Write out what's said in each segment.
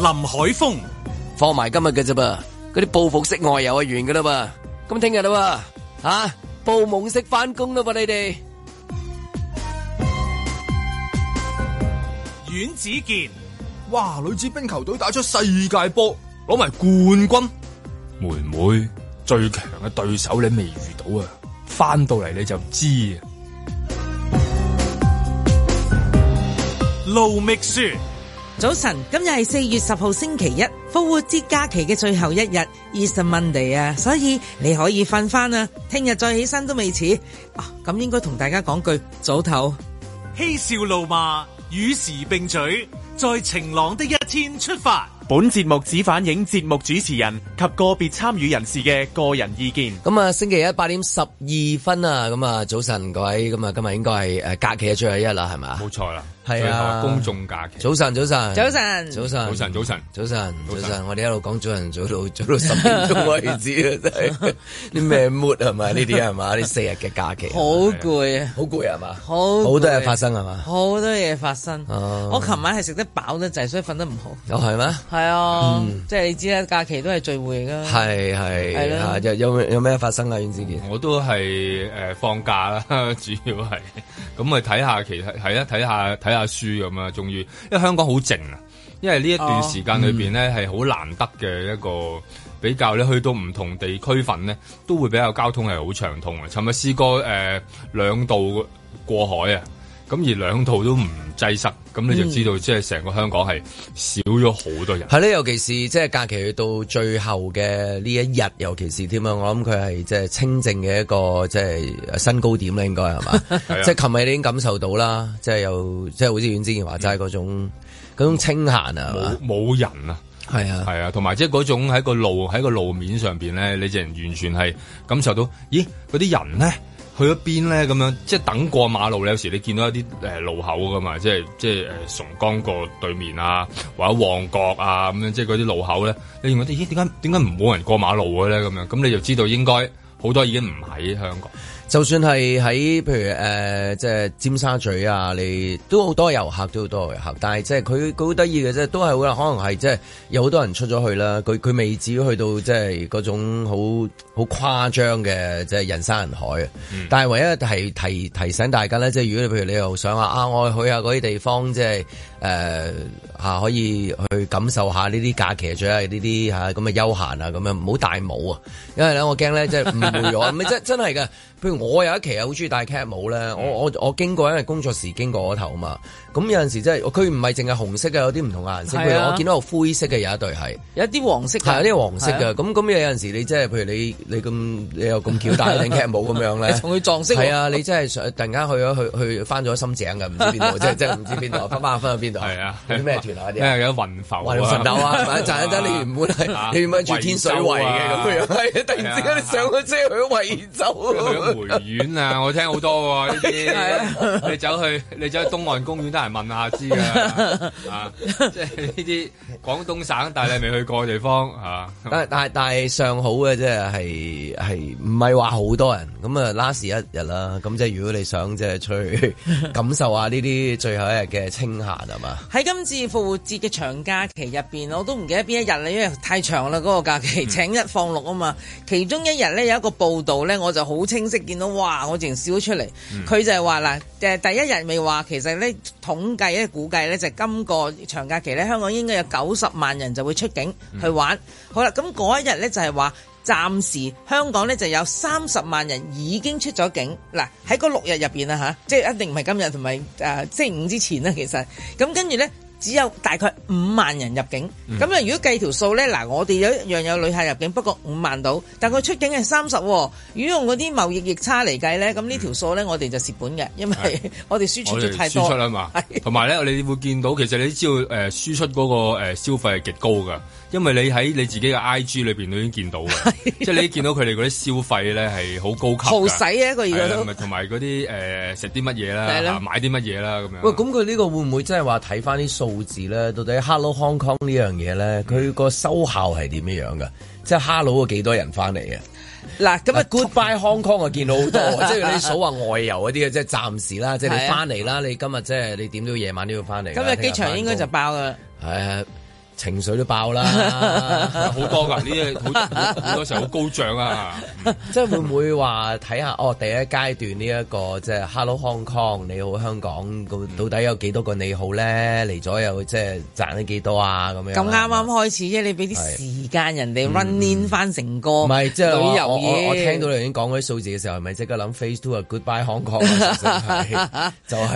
林海峰，放埋今日嘅啫噃，嗰啲報復式外遊，係完嘅啦噃，咁聽日啦噃，吓、啊，報夢式翻工啦噃你哋。阮子健，哇，女子冰球隊打出世界波，攞埋冠軍，妹妹最強嘅對手你未遇到啊，翻到嚟你就知、啊。盧覓雪。早晨，今日係四月十號星期一，復活節假期嘅最後一日，Easter Monday 啊，所以你可以瞓翻啊，聽日再起身都未遲。咁應該同大家講句早唞，嬉笑怒罵與時並舉，在晴朗的一天出發。本節目只反映節目主持人及個別參與人士嘅個人意見。咁啊，星期一八點十二分啊，咁啊，早晨各位，咁啊，今日應該係誒假期嘅最後一日啦，係咪？冇錯啦。係啊，公眾假期。早晨，早晨，早晨，早晨，早晨，早晨，早晨，早晨。我哋一路講早晨，早到早到十點鐘為止啊！真係，啲咩 mood 係嘛？呢啲係嘛？呢四日嘅假期，好攰啊！好攰係嘛？好，好多嘢發生係嘛？好多嘢發生。我琴晚係食得飽咧，就所以瞓得唔好。又係咩？係啊，即係你知啦，假期都係聚會嚟噶。係係係有有咩發生啊？袁子健，我都係誒放假啦，主要係咁咪睇下，其實係啊，睇下睇下書咁啊，終於，因為香港好靜啊，因為呢一段時間裏邊咧係好難得嘅一個比較咧，啊嗯、去到唔同地區份咧都會比較交通係好暢通啊。尋日試過誒，兩、呃、度過海啊。咁而兩套都唔擠塞，咁你就知道，即係成個香港係少咗好多人。係咧，尤其是即係假期去到最後嘅呢一日，尤其是添啊！我諗佢係即係清淨嘅一個即係新高點咧，應該係嘛？ 即係琴日你已經感受到啦，即係又，即係好似院之前話齋嗰種嗰、嗯、種清閒啊，係嘛？冇人啊，係啊，係啊，同埋即係嗰種喺個路喺個路面上邊咧，你完完全係感受到，咦？嗰啲人咧？去咗邊咧？咁樣即係等過馬路咧。有時你見到一啲誒、呃、路口噶嘛，即係即係誒、呃、崇光個對面啊，或者旺角啊咁樣，即係嗰啲路口咧。你認為咦？點解點解唔冇人過馬路嘅咧？咁樣咁你就知道應該好多已經唔喺香港。就算係喺譬如誒，即係尖沙咀啊，你都好多遊客，都好多遊客。但係即係佢好得意嘅啫，都係可能係即係有好多人出咗去啦。佢佢未至於去到即係嗰種好好誇張嘅，即係人山人海。嗯、但係唯一係提提，提醒大家咧，即係如果你譬如你又想話啊，我去下嗰啲地方，即係。誒吓、啊、可以去感受下呢啲假期，仲係呢啲吓咁嘅休閒啊咁樣，唔好戴帽啊，因為咧我驚咧即係誤會咗，唔係 真真係嘅。譬如我有一期好中意戴 cap 帽咧，我我我經過因為工作時經過我頭啊嘛，咁有陣時即係佢唔係淨係紅色嘅，有啲唔同顏色。譬如我見到有灰色嘅有一對係， 有一啲黃色係，有啲黃色嘅。咁咁、 啊、有陣時你即係譬如你你咁你又咁巧戴頂 cap 帽咁樣咧，同佢 撞色。係啊， 你真係突然間去咗去去翻咗深井嘅，唔知邊度，即係即係唔知邊度，翻翻翻去邊。係啊，啲咩團啊啲，有啲雲浮啊，雲浮啊，賺一單你原本係你住天水圍嘅咁樣，係啊！突然之間你上咗車去咗惠州，去咗梅縣啊！我聽好多喎呢啲，你走去你走去東岸公園都係問下知啊！即係呢啲廣東省但係你未去過嘅地方嚇，但係但係上好嘅即係係係唔係話好多人咁啊？last 一日啦，咁即係如果你想即係出去感受下呢啲最後一日嘅清閒啊！喺今次復活節嘅長假期入邊，我都唔記得邊一日啦，因為太長啦，嗰、那個假期，請一放六啊嘛。其中一日呢，有一個報道呢，我就好清晰見到，哇！我淨笑出嚟。佢、嗯、就係話嗱，誒、呃、第一日未話，其實呢統計呢，估計呢，就係、是、今個長假期呢，香港應該有九十萬人就會出境去玩。嗯、好啦，咁嗰一日呢，就係、是、話。暫時香港咧就有三十萬人已經出咗境，嗱喺嗰六日入邊啊嚇，即係一定唔係今日同埋誒星期五之前啦，其實咁、啊、跟住咧只有大概五萬人入境，咁啊、嗯、如果計條數咧，嗱我哋有一樣有旅客入境不過五萬到，但係佢出境係三十喎，如果用嗰啲貿易逆差嚟計咧，咁、嗯、呢條數咧我哋就蝕本嘅，因為我哋輸出咗太多，出啊嘛，同埋咧我哋會見到其實你知道誒輸出嗰個消費係極高㗎。因為你喺你自己嘅 I G 裏邊都已經見到嘅，即係你見到佢哋嗰啲消費咧係好高級，豪使啊。佢而家都同埋嗰啲誒食啲乜嘢啦，買啲乜嘢啦咁樣。喂，咁佢呢個會唔會真係話睇翻啲數字咧？到底 Hello Hong Kong 呢樣嘢咧，佢個收效係點樣樣嘅？即係 Hello 幾多人翻嚟嘅？嗱，咁啊 Goodbye Hong Kong 啊見到好多，即係你數下外遊嗰啲嘅，即係暫時啦，即係你翻嚟啦，你今日即係你點都夜晚都要翻嚟。今日機場應該就爆啦。係情緒都爆啦，好多噶呢啲好多時候好高漲啊 即會會，即係會唔會話睇下哦。第一階段呢，這，一個即係，就是，Hello Hong Kong，你好香港，到底有幾多個你好咧？嚟咗又即係賺咗幾多啊？咁樣咁啱啱開始啫，你俾啲時間是人哋 running 翻成個唔係即係我我，我，我聽到你已經講嗰啲數字嘅時候，係咪即刻諗 face to a goodbye Hong Kong？就係，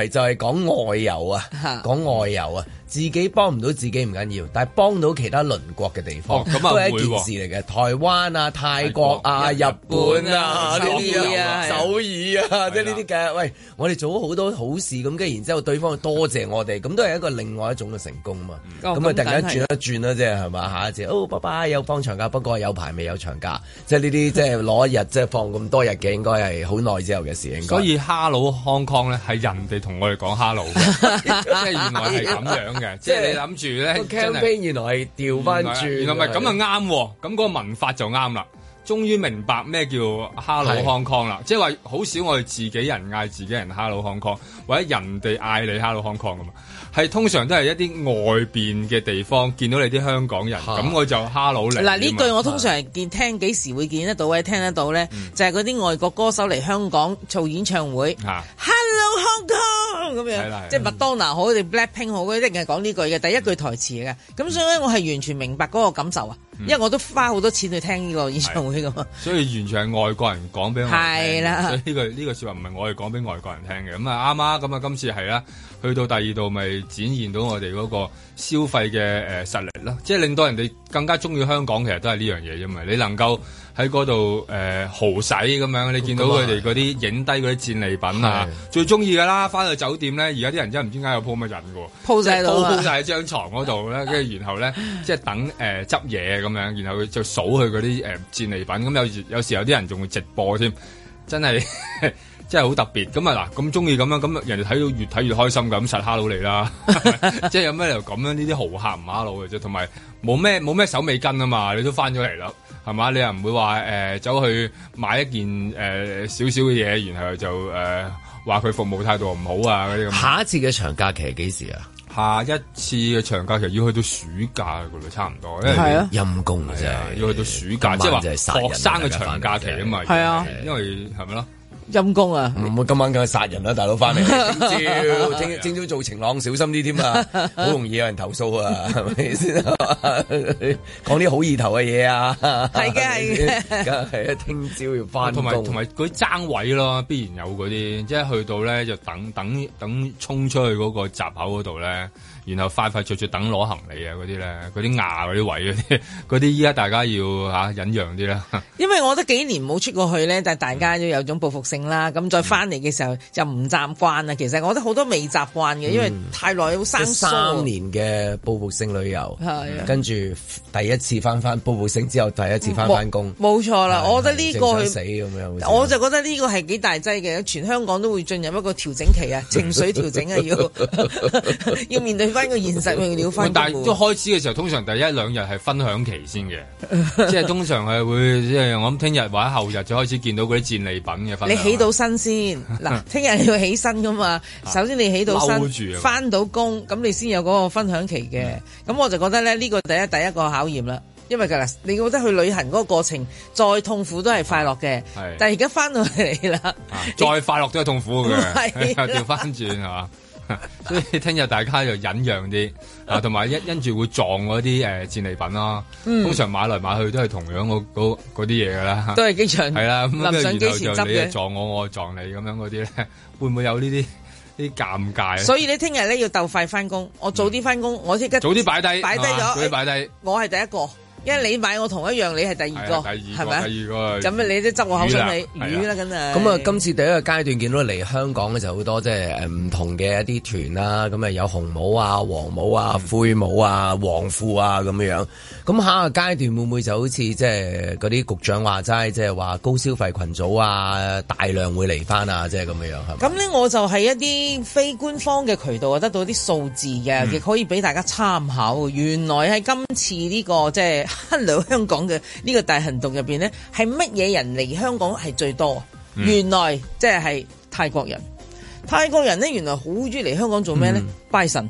是，就係，是，講外遊啊，講外遊啊！自己幫唔到自己唔緊要，但係幫到其他鄰國嘅地方咁都係一件事嚟嘅。台灣啊、泰國啊、日本啊、首爾啊、首爾啊，即係呢啲嘅。喂，我哋做咗好多好事咁，跟住然之後對方多謝我哋，咁都係一個另外一種嘅成功嘛。咁啊，突然間轉一轉啦，即係係嘛？下一次哦，拜拜，有放長假，不過有排未有長假，即係呢啲即係攞一日即係放咁多日嘅，應該係好耐之後嘅事。所以 Hello Hong Kong 咧係人哋同我哋講 Hello 即係原來係咁樣。即係你諗住咧 campaign 原來係調翻轉，原來唔係咁啊，啱喎，咁個是個文法就啱啦。終於明白咩叫 Hello 是的 Hong Kong 啦，即係話好少我哋自己人嗌自己人 Hello Hong Kong，或者人哋嗌你 Hello Hong Kong 噶嘛，係通常都係一啲外邊嘅地方見到你啲香港人，咁是的 我就 Hello 你的。嗱呢嘛句我通常係見聽幾時會見得到或者聽得到咧，是的 就係嗰啲外國歌手嚟香港做演唱會的，Hello Hong Kong 咁樣，的即係麥當娜好定是的 Blackpink 好，一定係講呢句嘅第一句台詞嘅。咁所以咧，我係完全明白嗰個感受啊！因為我都花好多錢去聽呢個演唱會㗎嘛，所以完全係外國人講俾我聽。係啦是的、這個，呢、這個呢個説話唔係我哋講俾外國人聽嘅。咁啊啱啱咁啊今次係啦。去到第二度咪展現到我哋嗰個消費嘅誒實力咯，即係令到人哋更加中意香港，其實都係呢樣嘢，因為你能夠喺嗰度誒豪使咁樣，你見到佢哋嗰啲影低嗰啲戰利品啊，嗯嗯、最中意噶啦。翻到酒店咧，而家啲人真係唔知點解有鋪乜人喎，鋪晒鋪曬喺張床嗰度咧，跟住然後咧即係等誒執嘢咁樣，然後就數佢嗰啲誒戰利品，咁有有時有啲人仲會直播添，真係。 真係好特別咁啊！嗱，咁中意咁樣，咁人哋睇到越睇越開心噶，咁實蝦佬你啦。即係 有咩理由咁樣呢啲豪客唔蝦佬嘅啫，同埋冇咩冇咩手尾跟啊嘛，你都翻咗嚟啦，係嘛？你又唔會話誒、呃、走去買一件誒少少嘅嘢，然後就誒話佢服務態度唔好啊嗰啲咁。下一次嘅長假期係幾時啊？下一次嘅長假期要去到暑假嗰度差唔多。係啊，陰功嘅啫。要去到暑假，即係話學生嘅長假期啊嘛。係為啊，啊，因為係咪咯？陰公啊！唔會、嗯、今晚梗係殺人啦，大佬翻嚟，聽朝聽朝做晴朗，小心啲添啊！好容易有人投訴啊，係咪先？講啲好意頭嘅嘢啊，係嘅係嘅，聽朝吧 要翻工，同埋同埋嗰啲爭位咯，必然有嗰啲，即係去到咧就等等等衝出去嗰個閘口嗰度咧。然後快快脆脆等攞行李啊嗰啲咧，嗰啲牙嗰啲位嗰啲，嗰啲依家大家要嚇忍讓啲啦。啊、因為我覺得幾年冇出過去咧，但係大家都有種報復性啦。咁、嗯、再翻嚟嘅時候就唔習慣啦。其實我覺得好多未習慣嘅，因為太耐好生疏。嗯就是、三年嘅報復性旅遊，啊、跟住第一次翻翻報復性之後，第一次翻翻工沒，冇錯班啦。是我覺得呢、呢個死咁樣，我就覺得呢個係幾大劑嘅。全香港都會進入一個調整期啊， 情緒調整啊，要 要面對。分個現實去了解，但係即係開始嘅時候，通常第一兩日係分享期先嘅，即係通常係會即係我諗聽日或者後日就開始見到嗰啲戰利品嘅分享。你起到身先，嗱，聽日你要起身噶嘛？首先你起到身，翻到工，咁你先有嗰個分享期嘅。咁我就覺得咧，呢個第一第一個考驗啦，因為嗱，你覺得去旅行嗰個過程再痛苦都係快樂嘅，係。但係而家翻到嚟啦，再快樂都係痛苦嘅，調翻轉係嘛？所以聽日大家就忍讓啲，啊，同埋一因住會撞嗰啲誒戰利品咯。通常買來買去都係同樣嗰嗰嗰啲嘢噶啦，都係機場係啦。咁跟住又就你又撞我，我撞你咁樣嗰啲咧，會唔會有呢啲啲尷尬？所以你聽日咧要鬥快翻工，我早啲翻工，我即刻早啲擺低，擺低咗，早啲擺低，我係第一個。因為你買我同一樣，你係第二個，係咪、啊？第二個，咁你都執我口水魚啦，咁啊！今次第一個階段見到嚟香港咧就好多即係誒唔同嘅一啲團啦，咁啊有紅帽啊、黃帽啊、灰帽啊、黃褲啊咁樣。咁下一個階段會唔會就好似即係嗰啲局長話齋，即係話高消費群組啊，大量會嚟返啊，即係咁樣係咪？咁咧我就喺一啲非官方嘅渠道得到啲數字嘅，亦可以俾大家參考。原來喺今次呢、這個即係。即 Hello, 香港嘅呢個大行動入邊咧，係乜嘢人嚟香港係最多？嗯、原來即係、就是、泰國人。泰國人咧，原來好鍾意嚟香港做咩咧？嗯、拜神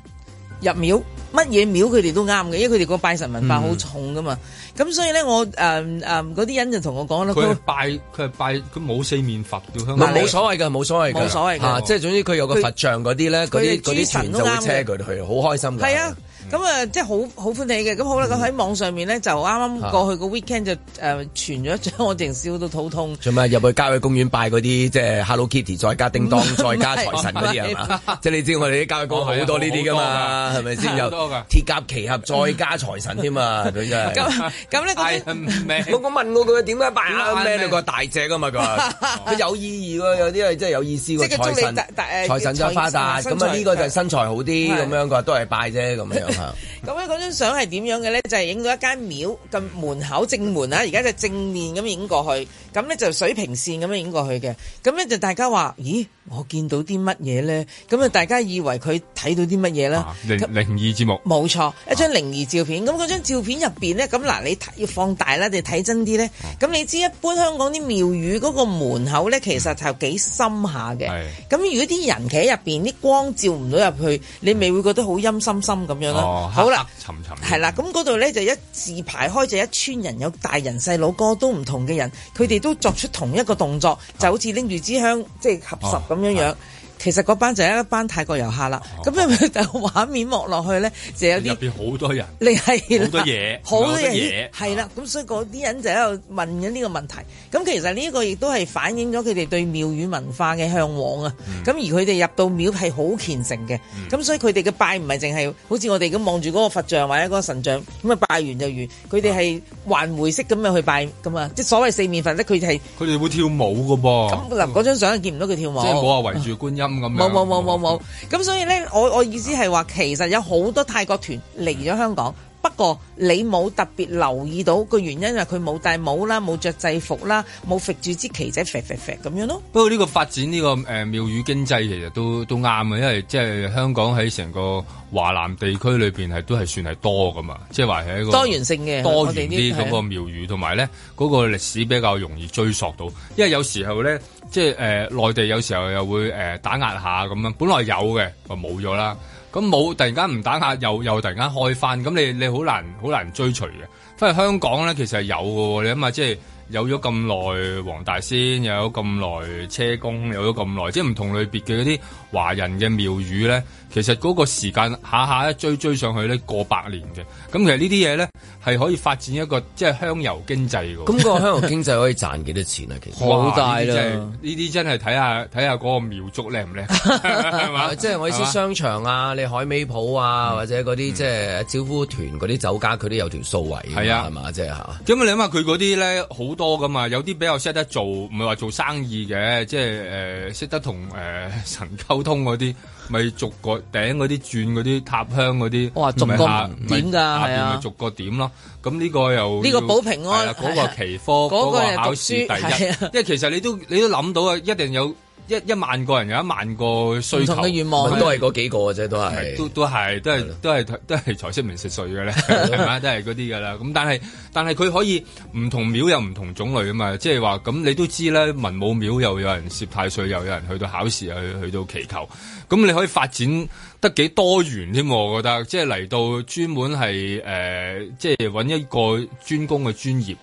入廟，乜嘢廟佢哋都啱嘅，因為佢哋個拜神文化好重㗎嘛。咁、嗯、所以咧，我誒誒嗰啲人就同我講啦，佢拜佢係拜佢冇四面佛喺香港，冇所謂嘅，冇所謂嘅，冇所謂嘅，即係、啊啊、總之佢有個佛像嗰啲咧，嗰啲嗰啲神就會車佢哋去，好開心嘅。咁啊，即係好好歡喜嘅。咁好啦，咁喺網上面咧，就啱啱過去個 weekend 就誒傳咗張我，直情笑到肚痛。做咩入去郊野公園拜嗰啲即係 Hello Kitty，再加叮當，再加財神嗰啲係嘛？即係你知我哋啲郊野公園好多呢啲㗎嘛，係咪先？又鐵甲奇俠，再加財神添啊！佢真係咁咁咧。我我問過佢點解拜啊？孭到個大隻㗎嘛？佢有意義喎，有啲係真係有意思喎。財神財神加花旦，咁啊呢個就身材好啲咁樣。佢話都係拜啫咁樣。咁咧，嗰 張相係點樣嘅咧？就係、是、影到一間廟咁門口正門啊！而家就正面咁影過去，咁咧就水平線咁樣影過去嘅。咁咧就大家話：咦，我見到啲乜嘢咧？咁啊，大家以為佢睇到啲乜嘢咧？靈靈異節目，冇錯，一張靈異照片。咁嗰、啊、張照片入邊咧，咁嗱，你要放大啦，你睇真啲咧。咁你知一般香港啲廟宇嗰個門口咧，其實就幾深下嘅。咁是如果啲人企喺入邊，啲光照唔到入去，你咪會覺得好陰森森咁樣咯。啊哦，好啦了，係啦，咁嗰度呢，就一字排開，就一村人，有大人、細佬哥，個個都唔同嘅人，佢哋都作出同一個動作，就好似拎住支香，哦、即係合十咁樣樣。其實嗰班就係一班泰國遊客啦，咁入就畫面望落去咧，就有啲入邊好多人，你係好多嘢，好多嘢，係啦。咁所以嗰啲人就喺度問緊呢個問題。咁其實呢一個亦都係反映咗佢哋對廟宇文化嘅嚮往啊。咁而佢哋入到廟係好虔誠嘅，咁所以佢哋嘅拜唔係淨係好似我哋咁望住嗰個佛像或者嗰個神像咁啊拜完就完。佢哋係環迴式咁樣去拜咁啊，即所謂四面佛咧。佢哋係佢哋會跳舞噶噃。咁嗱嗰張相見唔到佢跳舞，即係冇話圍住觀音。冇冇冇冇冇，咁所以呢，我我意思係話，其實有好多泰國團嚟咗香港。不過你冇特別留意到個原因，係佢冇戴帽啦，冇着制服啦，冇揈住支旗仔咁樣咯。呃呃呃、不過呢個發展呢、呢個誒廟宇經濟，其實都都啱啊，因為即係香港喺成個華南地區裏邊係都係算係多噶嘛，即係話係一個多元性嘅多啲咁個廟宇，同埋咧嗰個歷史比較容易追溯到，因為有時候咧即係誒內地有時候又會誒、呃、打壓下咁樣，本來有嘅就冇咗啦。咁冇突然間唔打壓，又又突然間開返，咁你你好難好難追隨嘅。反而香港咧，其實係有嘅喎，你諗下即係。就是有咗咁耐，黃大仙又有咁耐車公，有咗咁耐，即係唔同類別嘅嗰啲華人嘅廟宇咧，其實嗰個時間下下一追追上去咧，過百年嘅。咁其實呢啲嘢咧係可以發展一個即係香油經濟咁，嗰個香油經濟可以賺幾多錢啊？其實好大啦！即係呢啲真係睇下睇下嗰個廟祝靚唔靚，係嘛？即係我意思，商場啊，你海味鋪啊，或者嗰啲即係招呼團嗰啲酒家，佢都有條數位㗎啊，係嘛？即係吓。咁你諗下佢嗰啲咧好多噶嘛，有啲比較識得做，唔係話做生意嘅，即係誒識得同誒、呃、神溝通嗰啲，咪 逐個頂嗰啲轉嗰啲塔香嗰啲，哇逐個點噶係咪逐個點咯，咁呢個又呢個保平安，嗰、啊那個期科，嗰、啊、個考試第一，即係、啊啊、其實你都你都諗到啊，一定有。 一一萬個人有一萬個需求，唔同嘅願望是都係嗰幾個嘅啫，都係都對了 都係都係都係都係財色名食睡嘅咧，係嘛？ 都係嗰啲噶啦。咁但係但係佢可以唔同廟有唔同種類啊嘛。即係話咁你都知咧，文武廟又有人攝太歲，又有人去到考試去去到祈求。咁你可以發展得幾多元添？我覺得即係嚟到專門係誒，即係揾一個專攻嘅專業。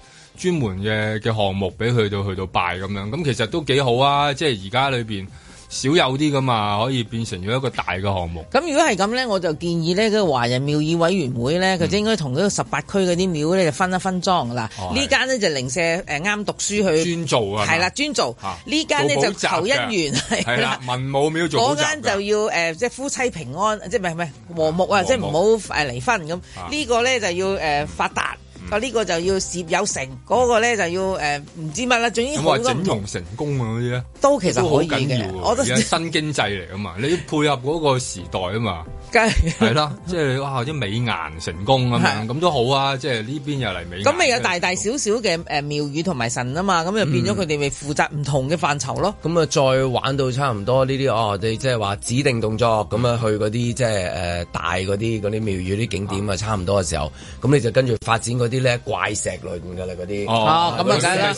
專門嘅嘅項目俾佢到去到拜咁樣，咁其實都幾好啊！即係而家裏邊少有啲噶嘛，可以變成咗一個大嘅項目。咁如果係咁咧，我就建議呢個華人廟宇委員會咧，佢應該同嗰個十八區嗰啲廟咧，就分一分裝嗱。呢間呢就零舍誒，啱讀書去專做啊，係啦，專做呢間呢就求姻緣係啦，文武廟做嗰間就要誒，即係夫妻平安，即係唔係係和睦啊，即係唔好誒離婚咁。呢個咧就要誒發達。啊！呢、嗯、個就要事業有成，嗰、這個咧就要誒唔、呃、知乜啦。總之，咁話整容成功嗰啲咧，都其實好緊要。而家我也 新經濟嚟啊嘛， 你要配合嗰個時代啊嘛。係啦，即係哇！啲美顏成功咁樣，咁都好啊！即係呢邊又嚟美顏。咁咪有大大小小嘅誒廟宇同埋神啊嘛，咁就變咗佢哋咪負責唔同嘅範疇咯。咁啊，再玩到差唔多呢啲哦，你即係話指定動作咁啊，去嗰啲即係誒大嗰啲嗰啲廟宇啲景點啊，差唔多嘅時候，咁你就跟住發展嗰啲咧怪石類嘅啦，嗰啲哦，咁啊梗係啦，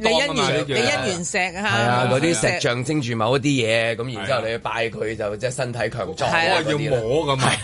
你姻緣你姻緣石吓，係啊，嗰啲石象徵住某一啲嘢，咁然之後你去拜佢就即係身體強壯，要摸。咁咪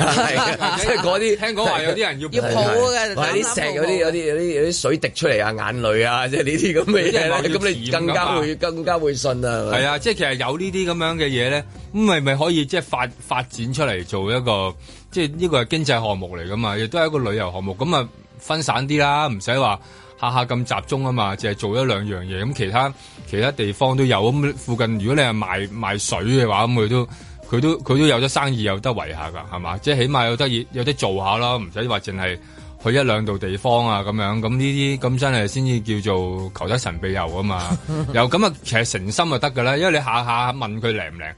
即係嗰啲聽講話有啲人要 要抱嘅，或者啲石、嗰啲、有啲、有啲、有啲水滴出嚟啊、眼淚啊，即係呢啲咁嘅嘢咁你更加會 更加會信啊！係 啊，即係其實有這這呢啲咁樣嘅嘢咧，咁咪咪可以即係發發展出嚟做一個即係呢個經濟項目嚟噶嘛，亦都係一個旅遊項目。咁啊分散啲啦，唔使話下下咁集中啊嘛，淨係做一兩樣嘢。咁其他其他地方都有咁附近。如果你係賣賣水嘅話，咁佢都。佢都佢都有得生意有得圍下㗎，係嘛？即係起碼有得有得做下啦，唔使話淨係去一兩度地方啊咁樣。咁呢啲咁真係先至叫做求得神庇佑啊嘛。又咁啊，其實誠心就得㗎啦，因為你下下問佢靈唔靈。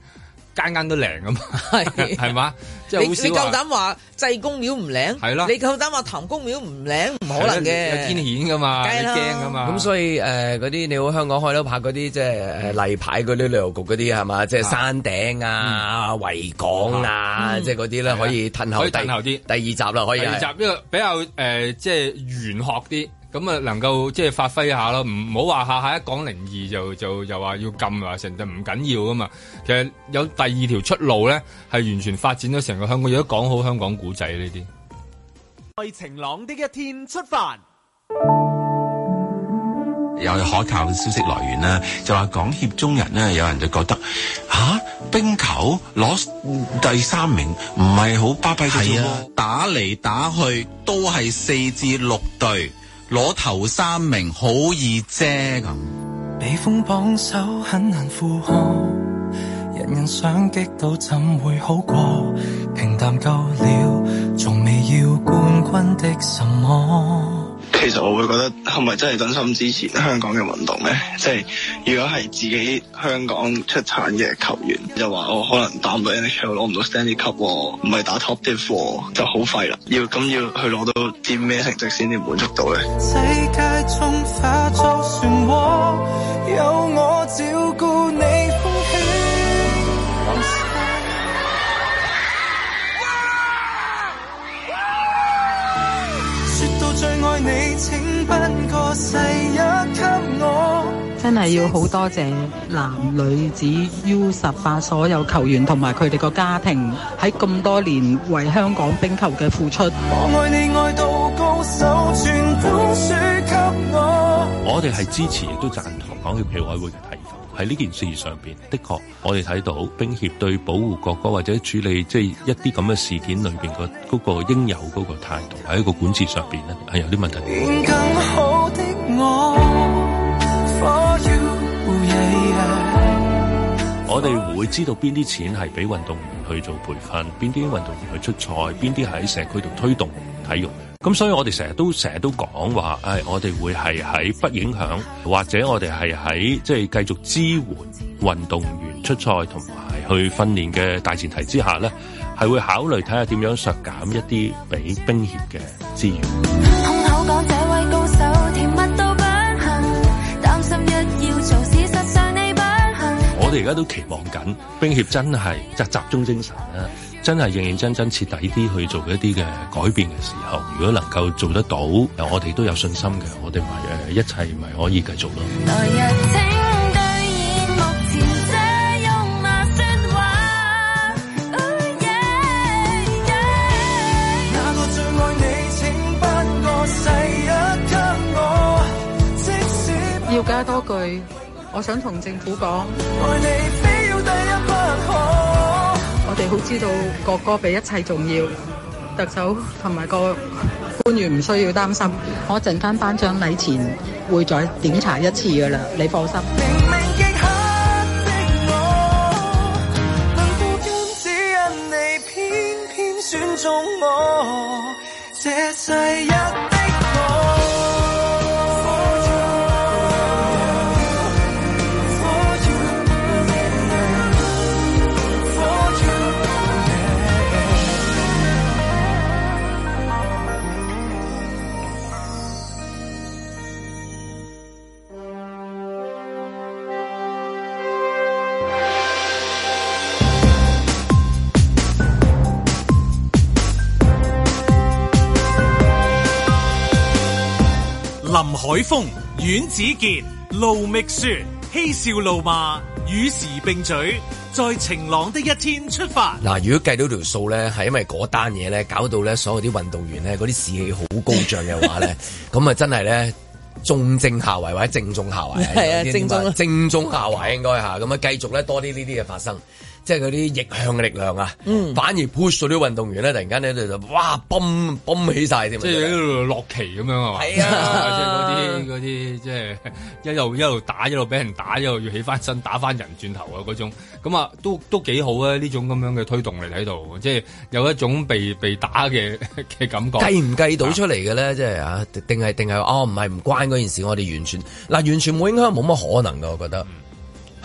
間間都靚㗎嘛，係係嘛，即係你夠膽話濟公廟唔靚？係咯，你夠膽話譚公廟唔靚？唔可能嘅，有天險噶嘛，驚噶嘛。咁所以誒，嗰啲你好香港開都拍嗰啲即係誒例牌嗰啲旅遊局嗰啲係嘛，即係山頂啊、維港啊，即係嗰啲咧可以褪後，可以褪後啲。第二集啦，可以。第二集呢個比較誒，即係玄學啲。咁啊，能夠即係發揮下咯，唔唔好話下下一講靈異就就就話要禁啊，成就唔緊要噶嘛。其實有第二條出路咧，係完全發展咗成個香港，如果講好香港古仔呢啲，為晴朗的一天出發，又有可靠嘅消息來源啦，就話港協中人咧，有人就覺得嚇冰球攞第三名唔係好巴閉嘅，係啊，打嚟打去都係四至六隊。攞頭三名易人人好易啫咁，平淡夠了。其實我會覺得係咪真係真心支持香港嘅運動咧？即係如果係自己香港出產嘅球員，就話我可能打唔到 NHL，攞唔到 Stanley Cup，唔係打 Top Div，就好廢啦。要咁要去攞到啲咩成績先至滿足到咧？世界真係要好多謝男女子 U 十八所有球員同埋佢哋個家庭喺咁多年為香港冰球嘅付出。我哋係支持亦都贊同港協皮委會嘅睇法，喺呢件事上邊的確我哋睇到冰協對保護國歌或者處理即係、就是、一啲咁嘅事件裏邊個嗰個應有嗰個態度，喺一個管治上邊咧係有啲問題。我，我哋、yeah. 會知道邊啲錢係俾運動員去做培訓，邊啲運動員去出賽，邊啲喺社區度推動體育。咁所以我哋成日都成日都講話，誒、哎，我哋會係喺不影響或者我哋係喺即係繼續支援運動員出賽同埋去訓練嘅大前提之下呢，係會考慮睇下點樣削減一啲俾冰協嘅資源。我哋而家都期望緊，冰協真係就集中精神啦，真係認認真真徹底啲去做一啲嘅改變嘅時候，如果能夠做得到，我哋都有信心嘅，我哋咪誒一切咪可以繼續咯。要加多句。我想同政府講，愛你非要第一，我哋好知道國歌比一切重要，特首同埋個官員唔需要擔心。我陣間頒獎禮前會再檢查一次嘅啦，你放心。明明極黑的我，偏偏我。能到今只因你偏偏選中我，這世一。海風、阮子健、盧覓雪、嬉笑怒罵、與時並舉，在晴朗的一天出發。嗱，如果計到條數咧，係因為嗰單嘢咧，搞到咧所有啲運動員咧，嗰啲士氣好高漲嘅話咧，咁啊真係咧，中正下懷或者正中下懷，係啊， 正中正中下懷應該吓，咁啊繼續咧多啲呢啲嘅發生。即係嗰啲逆向嘅力量啊，嗯、反而 push 咗啲運動員咧，突然間喺度就哇嘣嘣起晒、啊啊，即係喺度落棋咁樣啊嘛，係啊，即係嗰啲啲即係一路一路打，一路俾人打，一路要起翻身打翻人轉頭啊嗰種，咁啊都都幾好啊呢種咁樣嘅推動力喺度，即係有一種被被打嘅嘅 感覺。計唔計到出嚟嘅咧？即係啊，定係定係哦？唔係唔關嗰件事，我哋完全嗱，完全冇影響，冇乜可能噶，我覺得。嗯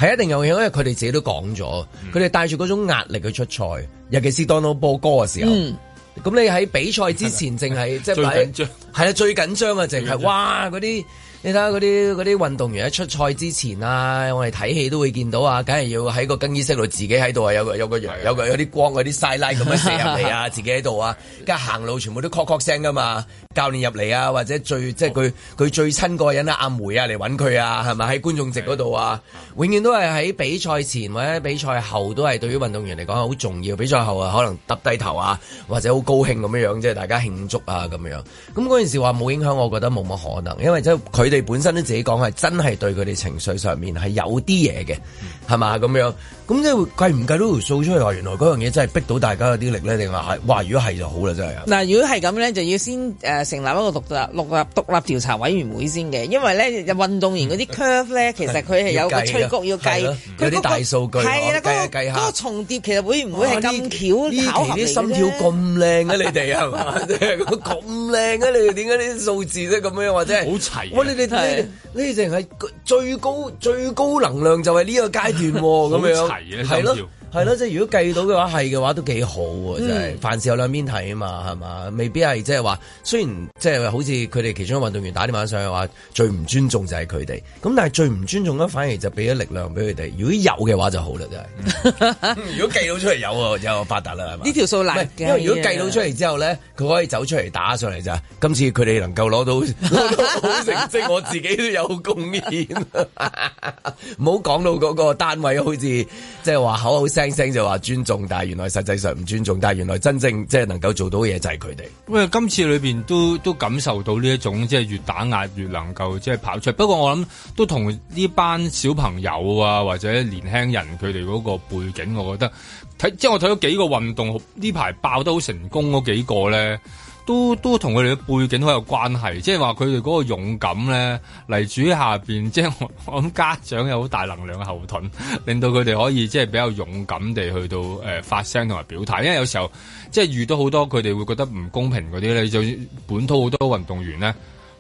係一定有嘅，因為佢哋自己都講咗，佢哋、嗯、帶住嗰種壓力去出賽，尤其是當到播歌嘅時候。咁、嗯、你喺比賽之前，淨係即係最緊張。係啊，最緊張啊、就是，淨係哇！嗰啲你睇下嗰啲嗰啲運動員喺出賽之前啊，我哋睇戲都會見到啊，梗係要喺個更衣室度自己喺度啊，有個有個陽，有個有啲光，有啲 side light 咁樣射入嚟啊，自己喺度啊，家 行路全部都 click click 聲噶嘛。教練入嚟啊，或者最即係佢佢最親嗰個人啊，阿梅啊嚟揾佢啊，係咪喺觀眾席嗰度啊，永遠都係喺比賽前或者比賽後都係對於運動員嚟講好重要。比賽後啊，可能耷低頭啊，或者好高興咁樣樣，即係大家慶祝啊咁樣。咁嗰陣時話冇影響，我覺得冇乜可能，因為即係佢哋本身都自己講，係真係對佢哋情緒上面係有啲嘢嘅，係嘛咁樣。咁即係計唔計到條數出嚟話，原來嗰樣嘢真係逼到大家有啲力咧，定話係？哇！如果係就好啦，真係。嗱，如果係咁咧，就要先誒。呃成立一個獨立獨立獨立調查委員會先嘅，因為咧運動員嗰啲 curve 咧，其實佢係有個催催谷要計，嗰啲大數據計下，嗰個重疊其實會唔會係咁巧巧合嚟呢期啲心跳咁靚啊，你哋係嘛？咁靚啊，你哋點解啲數字都咁樣或者係好齊？喂你哋睇呢淨係最高最高能量就係呢個階段喎，咁樣係咯。係咯，即係如果計到嘅話，係嘅話都幾好，真係。凡事有兩邊睇啊嘛，係嘛，未必係即係話。雖然即係好似佢哋其中嘅運動員打電話上去話最唔尊重就係佢哋，咁但係最唔尊重咧反而就俾咗力量俾佢哋。如果有嘅話就好啦，真係。 如果計到出嚟有啊，有發達啦，係嘛？呢條數難計，因為如果計到出嚟之後咧，佢可以走出嚟打上嚟咋。今次佢哋能夠攞到攞到好成績， 我自己都有共勉。唔好講到嗰個單位好似即係話口口聽聲就話尊重，但係原來實際上唔尊重，但係原來真正即係能夠做到嘅嘢就係佢哋。咁，今次裏邊都都感受到呢一種即係越打壓越能夠即係跑出嚟。不過我諗都同呢班小朋友啊或者年輕人佢哋嗰個背景，我覺得睇即係我睇咗幾個運動呢排爆得好成功嗰幾個咧。都都同佢哋嘅背景好有關係，即係話佢哋嗰個勇敢咧嚟主下邊，即係我諗家長有好大能量嘅後盾，令到佢哋可以即係比較勇敢地去到誒發聲同埋表態，因為有時候即係遇到好多佢哋會覺得唔公平嗰啲咧，就本土好多運動員咧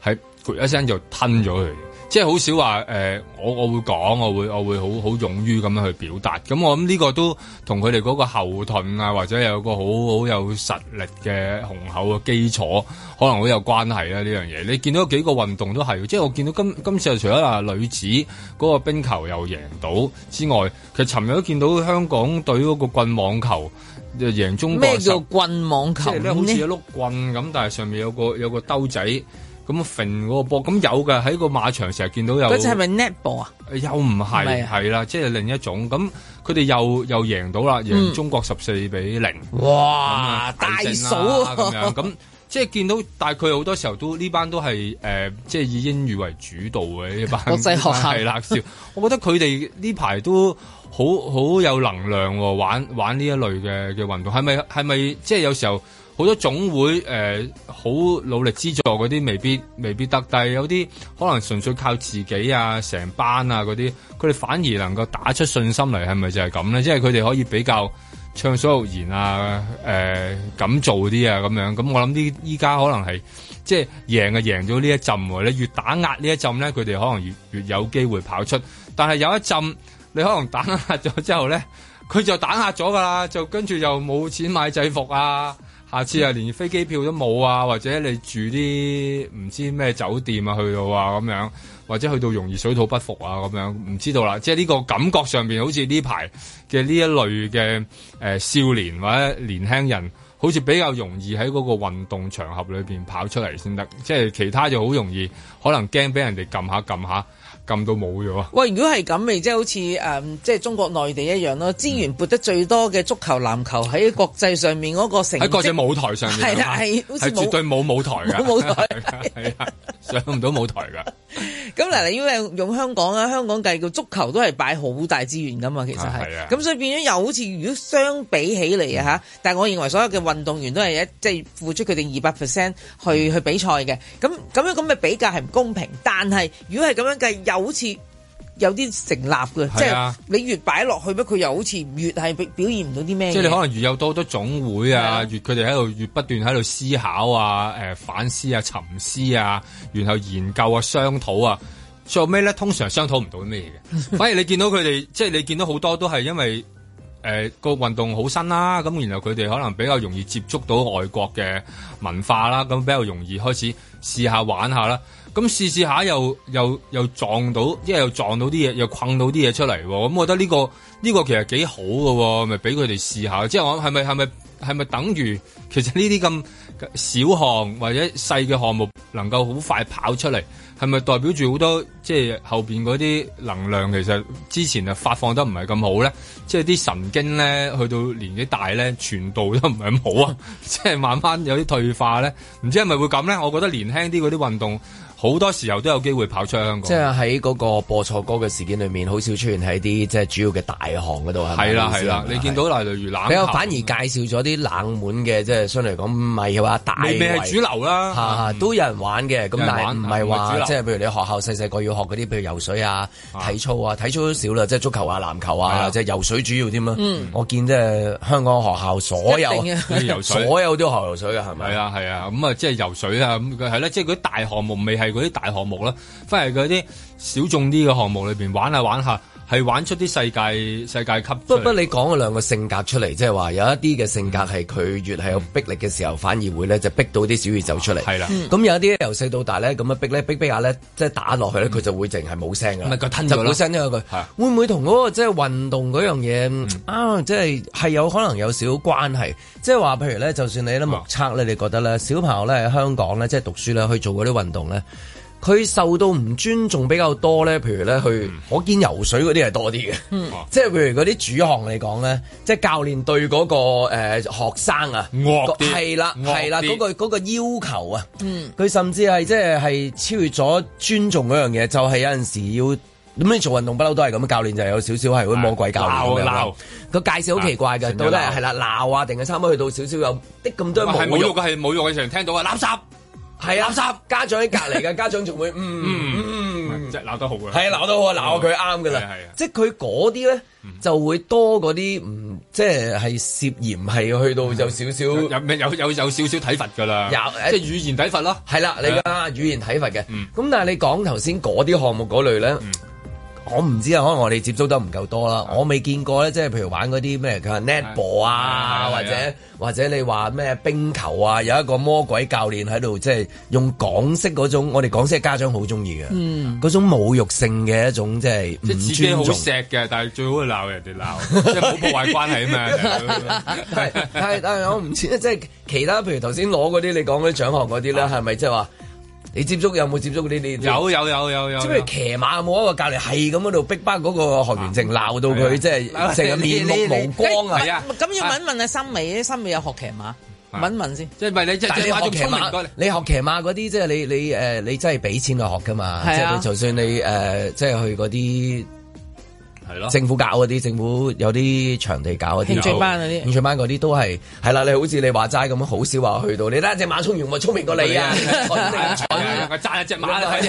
係，攰一聲就吞咗佢。即係好少話誒、呃，我我會講，我會我會好好勇於咁樣去表達。咁我諗呢個都同佢哋嗰個後盾啊，或者有個好好有實力嘅雄厚嘅基礎，可能會有關係啦、啊。呢樣嘢，你見到幾個運動都係，即係我見到今今次啊，除咗啊女子嗰、嗰個冰球又贏到之外，其實尋日都見到香港隊嗰個棍網球就贏中國。咩叫棍網球呢？好似一碌棍咁，但係上面有個有個，有個兜仔。咁 f i 嗰個波，咁有㗎喺個馬場成日見到有。嗰隻係咪 netball 啊？又唔係，係啦、啊，即係、就是、另一種。咁佢哋又又贏到啦，贏中國十四比零、嗯。哇！樣大數咁、啊，咁即係見到，但係佢好多時候都呢班都係誒、呃，即係以英語為主導嘅呢班國際學生。係啦 我覺得佢哋呢排都好好，好有能量玩玩呢一類嘅嘅運動，係咪係咪即係有時候？好多總會誒好、呃、努力資助嗰啲未必未必得，但係有啲可能純粹靠自己啊，成班啊嗰啲，佢哋反而能夠打出信心嚟，係咪就係咁咧？即係佢哋可以比較暢所欲言啊，誒、呃、敢做啲啊咁樣。咁、嗯、我諗呢，依家可能係即係贏就贏咗呢一陣喎、啊，你越打壓一呢一陣咧，佢哋可能越越有機會跑出。但係有一陣你可能打壓咗之後咧，佢就打壓咗㗎啦，就跟住又冇錢買制服啊。下次啊，連飛機票都冇啊，或者你住啲唔知咩酒店啊，去到啊咁樣，或者去到容易水土不服啊咁樣，唔知道啦。即係呢個感覺上邊，好似呢排嘅呢一類嘅誒、呃、少年或者年輕人，好似比較容易喺嗰個運動場合裏邊跑出嚟先得，即係其他就好容易，可能驚俾人哋撳下撳下。咁到冇咗啊！喂，如果係咁，咪即係好似誒，即係、嗯、中國內地一樣咯，資源撥得最多嘅足球、籃球喺國際上面嗰個成，喺國際舞台上面，係啦，係，係絕對冇舞台嘅，冇舞台，係啊，上唔到舞台嘅。咁嗱， 如果用香港啊，香港計叫足球都係擺好大資源噶嘛，其實係，咁的所以變咗又好似如果相比起嚟啊，嗯、但係我認為所有嘅運動員都係一即係、就是、付出佢哋二百 percent 去去比賽嘅，咁咁樣咁嘅比較係唔公平。但係如果係咁樣計又。好似有啲成立嘅，啊、即係你越擺落去，不佢又好似越係表現唔到啲咩。即係你可能越有多好多總會啊，越佢哋喺度越不斷喺度思考啊、誒、呃、反思啊、沉思啊，然後研究啊、商討啊，最後咩咧？通常商討唔到啲咩嘅。 反而你見到佢哋，即、就、係、是、你見到好多都係因為誒個運動好新啦、啊，咁然後佢哋可能比較容易接觸到外國嘅文化啦、啊，咁、嗯、比較容易開始試下玩下啦。咁試試下又又又撞到，即係又撞到啲嘢，又困到啲嘢出嚟、哦。咁、嗯、我覺得呢、呢個呢、呢個其實幾好嘅、哦，咪俾佢哋試下。即係我係咪係咪係咪等於其實呢啲咁小項或者細嘅項目能夠好快跑出嚟，係咪代表住好多即係後邊嗰啲能量其實之前啊發放得唔係咁好咧？即係啲神經咧去到年紀大咧傳導都唔係咁好啊， 即係慢慢有啲退化咧。唔知係咪會咁咧？我覺得年輕啲嗰啲運動。好多時候都有機會跑出香港，即係喺嗰個播錯歌嘅事件裏面，好少出現喺啲即係主要嘅大項嗰度，係咪？係啦係啦，你見到例如比較反而介紹咗啲冷門嘅，即係相嚟講唔係話大，未必係主流啦，都有人玩嘅，咁但係唔係話即係譬如你學校細細個要學嗰啲，譬如游水啊、體操啊，體操都少啦，即係足球啊、籃球啊，即係游水主要添啦。嗯，我見即係香港學校所有都游水，所有都學游水啊，係咪？係啊係啊，咁啊即係游水啊，咁係啦，即係嗰啲大項目未係。嗰啲大項目啦，翻嚟嗰啲小眾啲嘅項目裏邊玩下玩下。係玩出啲世界、世界級。不不，你講嗰兩個性格出嚟，即係話有一啲嘅性格係佢越係有逼力嘅時候，反而會咧就逼到啲小魚走出嚟。係啦、啊，咁、嗯、有一啲由細到大咧，咁樣逼咧，逼逼下咧，即係打落去咧，佢就會淨係冇聲㗎啦。唔係佢吞咗啦。冇聲因為佢。會唔會同嗰個即係運動嗰樣嘢啊？即係係有可能有少少關係。即係話，譬如咧，就算你咧目測咧，嗯、你覺得咧，小朋友咧喺香港咧，即係讀書咧，去做嗰啲運動咧。佢受到唔尊重比較多咧，譬如咧去，我見游水嗰啲係多啲嘅，即係譬如嗰啲主項嚟講咧，即係教練對嗰個誒學生啊惡啲，係啦係啦，嗰個要求啊，佢甚至係即係係超越咗尊重嗰樣嘢，就係有陣時要咁，你做運動不嬲都係咁，教練就有少少係嗰啲魔鬼教練嘅樣咯。個介紹好奇怪嘅，到咧係啦，鬧啊定係差唔多去到少少有啲咁多冇。係冇用嘅，係冇用嘅時候聽到啊，垃圾。係垃圾，家長喺隔離嘅家長仲會嗯嗯嗯，即係鬧得好啊！係鬧得好啊，鬧佢啱嘅啦。即係佢嗰啲咧，就會多嗰啲唔即係係涉嫌係去到有少少有咩有有有少少體罰嘅啦，即係語言體罰咯。係啦，你講語言體罰嘅。咁但係你講頭先嗰啲項目嗰類咧。我唔知啊，可能我哋接觸得唔夠多啦。是的 我未見過咧，即係譬如玩嗰啲咩，佢話 netball 啊或，或者或者你話咩冰球啊，有一個魔鬼教練喺度，即係用港式嗰種，我哋港式嘅家長好中意嘅，嗰、嗯、種侮辱性嘅一種，即係唔尊重好錫嘅，但係最好鬧人哋鬧， 即係唔好破壞關係嘛。係係， 但係我唔知，即係其他譬如頭先攞嗰啲你講嗰啲獎項嗰啲咧，係咪即係話？ 你知知有有接觸有冇接觸你哋？有有有有有。即係騎馬有冇一個隔離係咁嗰度逼返嗰個學員淨鬧到佢即係成日面目無光啊！咁 要問一問阿森美，森美有學騎馬？問一問先。即係你即係？但係學騎馬，你學騎馬嗰啲即係你你誒你即係俾錢去學㗎嘛？係啊。就 算 你誒即係去嗰啲。係咯，政府搞嗰啲，政府有啲場地搞嗰啲，興趣班嗰啲，興趣班啲都係，係啦，你好似你話齋咁，好少話去到，你睇隻馬衝完咪聰明過你啊，肯定聰明啊！我揸一隻馬落去，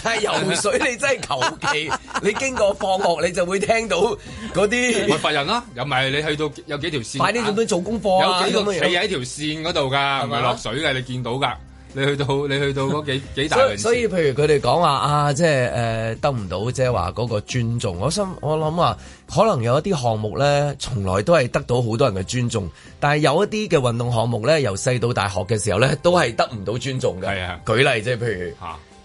係游水你真係求其，你經過放學你就會聽到嗰啲。唔係罰人啦，又唔係你去到有幾條線，快啲咁樣做功課啊！有幾個企喺條線嗰度㗎，唔係落水㗎，你見到㗎。你去到你去到嗰幾 幾大輪，所以譬如佢哋講話啊，即係誒得唔到即係話嗰個尊重。我心我諗話，可能有一啲項目咧，從來都係得到好多人嘅尊重，但係有一啲嘅運動項目咧，由細到大學嘅時候咧，都係得唔到尊重嘅。係啊，舉例即係譬如。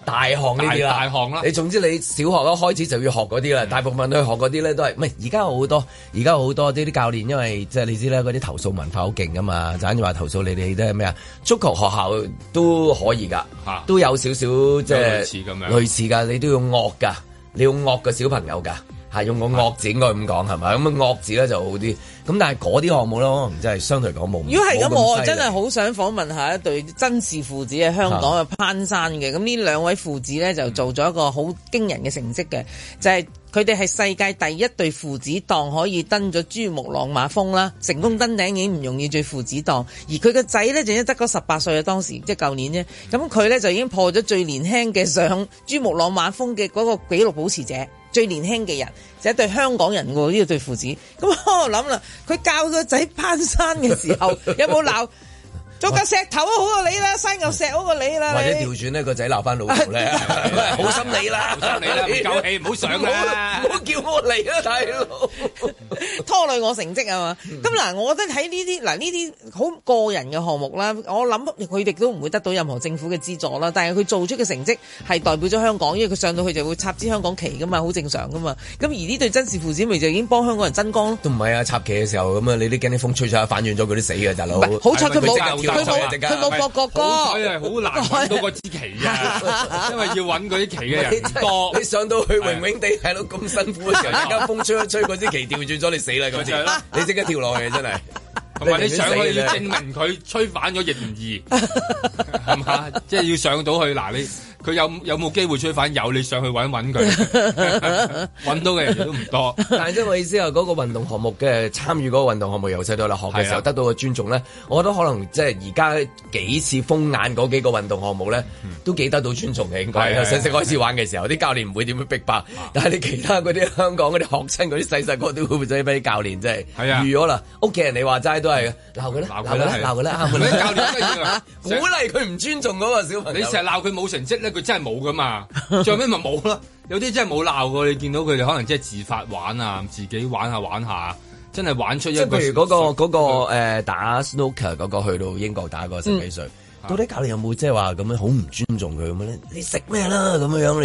大學啦，大學啦。你總之你小學一開始就要學嗰啲啦，嗯、大部分學都學嗰啲咧都係，唔係而家有好多，而家有好多啲啲教練，因為即係你知啦，嗰啲投訴文化好勁噶嘛，就係話投訴你哋都係咩啊？足球學校都可以噶，嗯、都有少少即係類似噶，你都要惡噶，你要惡個小朋友噶。係用個惡字應該咁講係咪？咁個惡字咧就好啲。咁但係嗰啲項目咧，可能真係相對嚟講冇。如果係咁，我真係好想訪問一下一對真事父子喺香港嘅的攀山嘅。咁呢兩位父子咧就做咗一個好驚人嘅成績嘅，嗯、就係佢哋係世界第一對父子檔可以登咗珠穆朗瑪峰啦。成功登頂已經唔容易，最父子檔，而佢個仔咧就已經得個十八歲啊！當時即係舊年啫。咁佢咧就已經破咗最年輕嘅上珠穆朗瑪峰嘅嗰個紀錄保持者。最年輕嘅人，就係一對香港人嘅呢對父子。咁 我諗啦，佢教個仔攀山嘅時候，有冇鬧？落個石頭都好過你啦，山又石好過你啦。或者調轉呢個仔鬧翻老父咧， 好心理啦，唔收你啦，唔 夠氣唔好上啦，唔好叫我嚟啊大佬， 拖累我成績係嘛？咁嗱， 我覺得喺呢啲嗱呢啲好個人嘅項目啦，我諗佢哋都唔會得到任何政府嘅資助啦。但係佢做出嘅成績係代表咗香港，因為佢上到去就會插支香港旗㗎嘛，好正常㗎嘛。咁而呢對真係父子咪就已經幫香港人增光咯。都唔係啊，插旗嘅時候咁啊，你啲驚啲風吹出，反轉咗佢啲死嘅大佬。好彩佢冇。佢就係直哥好鬼係好難上到嗰支旗啊！ 因為要揾嗰啲旗嘅人，你上到去永永地睇到咁辛苦嘅時候，而家 風吹一吹嗰支旗調轉咗，你死啦嗰次！ 你即刻跳落去真係，同埋 你上去要證明佢吹反咗亦唔易，係嘛？ 即係要上到去嗱你。佢有有冇機會出去揾？有你上去揾揾佢，揾到嘅人都唔多。但係即係我意思啊，嗰個運動項目嘅參與嗰個運動項目由細到大學嘅時候得到嘅尊重咧，我覺得可能即係而家幾次封眼嗰幾個運動項目咧，都幾得到尊重嘅。應該細細開始玩嘅時候，啲教練唔會點樣逼迫，但係你其他嗰啲香港嗰啲學生嗰啲細細個都會俾啲教練即係。係啊。如果嗱屋企人你話齋都係鬧佢啦，鬧佢啦，鬧佢啦，教練嚇鼓勵佢唔尊重嗰個小朋友，你成日鬧佢冇成績咧。佢真係冇噶嘛，最後尾咪冇咯。有啲真係冇鬧過，你見到佢哋可能真係自發玩啊，自己玩下玩下，真係玩出一個嗰、嗰個嗰水、嗰個誒、呃、打 snooker 嗰、嗰個去到英國打個十幾歲。嗯到底教練有冇即係話咁樣好唔尊重佢咁樣咧？你食咩啦咁樣樣，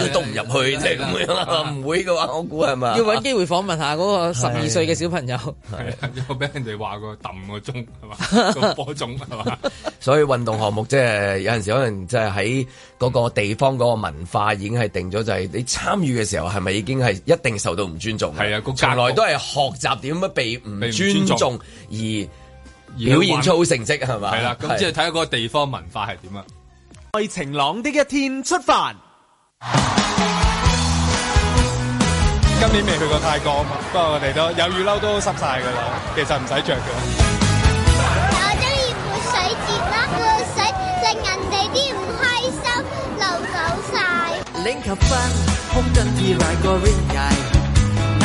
你都唔入去啫咁樣啦，唔會嘅話我估係咪？要搵機會訪問下嗰個十二歲嘅小朋友。係啊，又俾、啊、人哋話個抌個鐘係嘛， 個波鐘係嘛。 所以運動項目即係有陣時可能即係喺嗰個地方嗰個文化已經係定咗，就係、是、你參與嘅時候係咪已經係一定受到唔尊重？係啊，隔耐都係學習點樣被唔尊重，尊重而。表現出好成績係嘛？係啦，咁即係睇下嗰個地方文化係點啊！在晴朗的一天出發，今年未去過泰國嘛？不過我哋都有雨褸都濕晒噶啦，其實唔使着㗎。我中意潑水節啦，潑水令人哋啲唔開心，流走晒。領及分，空跟意賴個。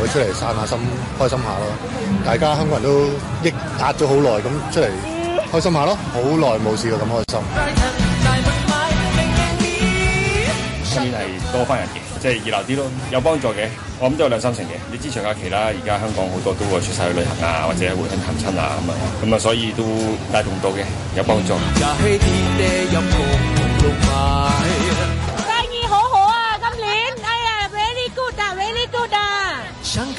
會出嚟散下心，開心下咯。大家香港人都抑壓咗好耐，咁出嚟開心下咯。好耐冇試過咁開心。今年係多翻人嘅，即係熱鬧啲咯，有幫助嘅。我諗都有兩三成嘅。你知長假期啦，而家香港好多都會出晒去旅行啊，或者會去探親啊咁啊，咁啊，所以都帶動到嘅，有幫助。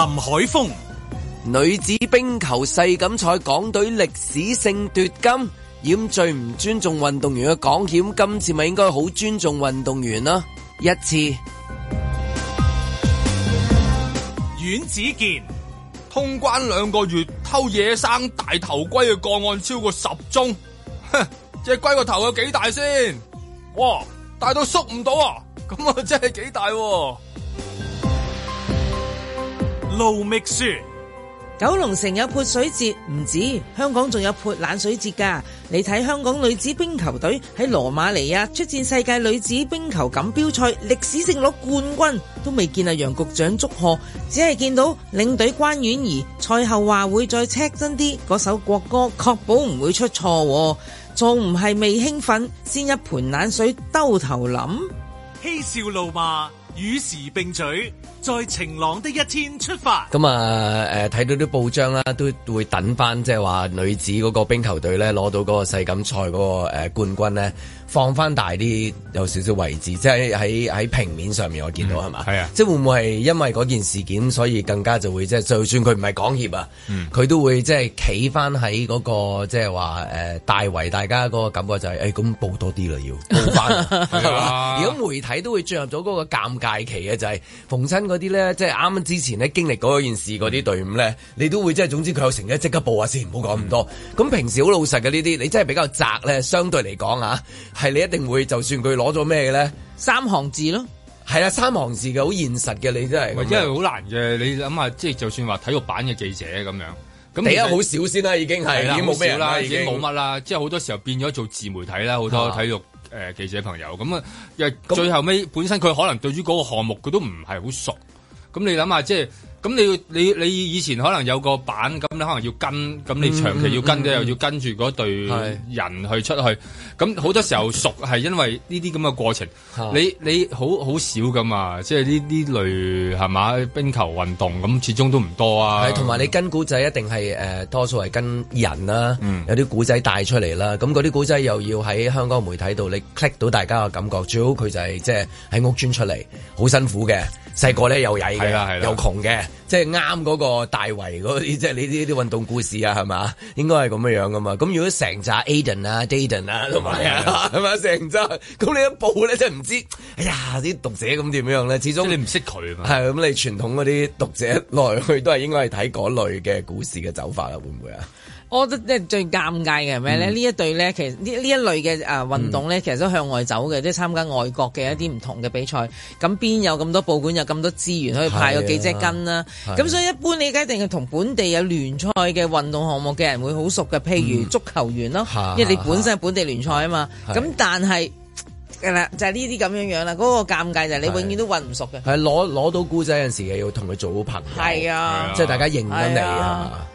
林海峰，女子冰球世錦賽港隊歷史性奪金，掩最唔尊重運動員嘅港協，今次咪應該好尊重運動員啦。一次，阮子健，通關兩個月偷野生大頭龜嘅個案超過十宗，哼，隻龜個頭有幾大先？哇，大到縮唔到啊！咁啊，真係幾大。盧覓雪，九龍城有潑水節，唔止香港仲有潑冷水節噶。你睇香港女子冰球隊喺羅馬尼亞出戰世界女子冰球錦標賽，歷史性攞冠軍，都未見阿楊局長祝賀，只係見到領隊關婉儀賽後話會再 check 真啲，嗰首國歌確保唔會出錯，仲唔係未興奮先一盆冷水兜頭淋，嬉笑怒罵。與時並舉，在晴朗的一天出發。咁啊，誒、呃，睇到啲報章啦，都會等翻，即係話女子嗰個冰球隊咧，攞到嗰個世錦賽嗰個誒、呃、冠軍咧。放翻大啲，有少少位置，即係喺喺平面上面我，我見到係嘛？係吧是啊！即係會唔會係因為嗰件事件，所以更加就會即係，就算佢唔係港協啊，佢都會即係企翻喺嗰個即係話誒大圍，大家嗰個感覺就係誒咁報多啲啦，要報翻 啦 如果媒體都會進入咗嗰個尷尬期嘅，就係逢親嗰啲咧，即係啱啱之前咧經歷嗰件事嗰啲隊伍咧，你都會即係總之佢有成績，即刻報下先，唔好講咁多。咁平時好老實嘅呢啲，你真係比較窄咧，相對嚟講啊。係你一定會，就算佢攞咗咩嘅咧，三行字咯，係啦、啊，三行字嘅好現實嘅，你真係，因為好難嘅，你諗下，即係就算話體育版嘅記者咁樣，咁而家好少先啦，已經係已經冇咩啦，已經冇乜啦，即係好多時候變咗做自媒體啦，好多體育誒記者朋友咁啊、嗯，最後尾本身佢可能對於嗰個項目佢都唔係好熟，咁你諗下即係。咁你你你以前可能有個版，咁你可能要跟，咁你長期要跟嘅又、嗯嗯嗯、要跟住嗰隊人去出去。咁好是多時候熟係因為呢啲咁嘅過程，嗯、你你好好少㗎嘛，即係呢呢類係嘛冰球運動，咁始終都唔多啊。同埋你跟古仔一定係誒、呃、多數係跟人啦、啊，嗯、有啲古仔帶出嚟啦、啊，咁嗰啲古仔又要喺香港媒體度你 click 到大家嘅感覺，最好佢就係、是、即係喺屋邨出嚟，好辛苦嘅。細個咧又曳嘅，又窮嘅，即係啱嗰個大圍嗰啲，即係呢啲呢啲運動故事應該樣啊，係嘛？應該係咁樣樣噶嘛？咁如果成扎 Aden 啊，Daden 啊，同埋啊，係咪成紮？咁 你一部咧，真係唔知，哎呀，啲讀者咁點樣咧？始終你唔識佢嘛？係咁吧，你傳統嗰啲讀者來去都係應該係睇嗰類嘅股市嘅走法啊，會唔會啊？我覺得即係最尷尬嘅係咩咧？嗯、一呢一對咧，其實呢呢一類嘅誒運動咧，其實都向外走嘅，嗯、即係參加外國嘅一啲唔同嘅比賽。咁邊有咁多報館有咁多資源可以派個記者跟啦？咁的所以一般你一定係同本地有聯賽嘅運動項目嘅人會好熟嘅，譬如足球員咯，嗯、因為你本身係本地聯賽啊嘛。咁的但係，就係呢啲咁樣樣啦，嗰、那個尷尬就係你永遠都混唔熟嘅。係攞攞到姑仔嗰陣時候，又要同佢做好朋友。係啊，即係大家認得你係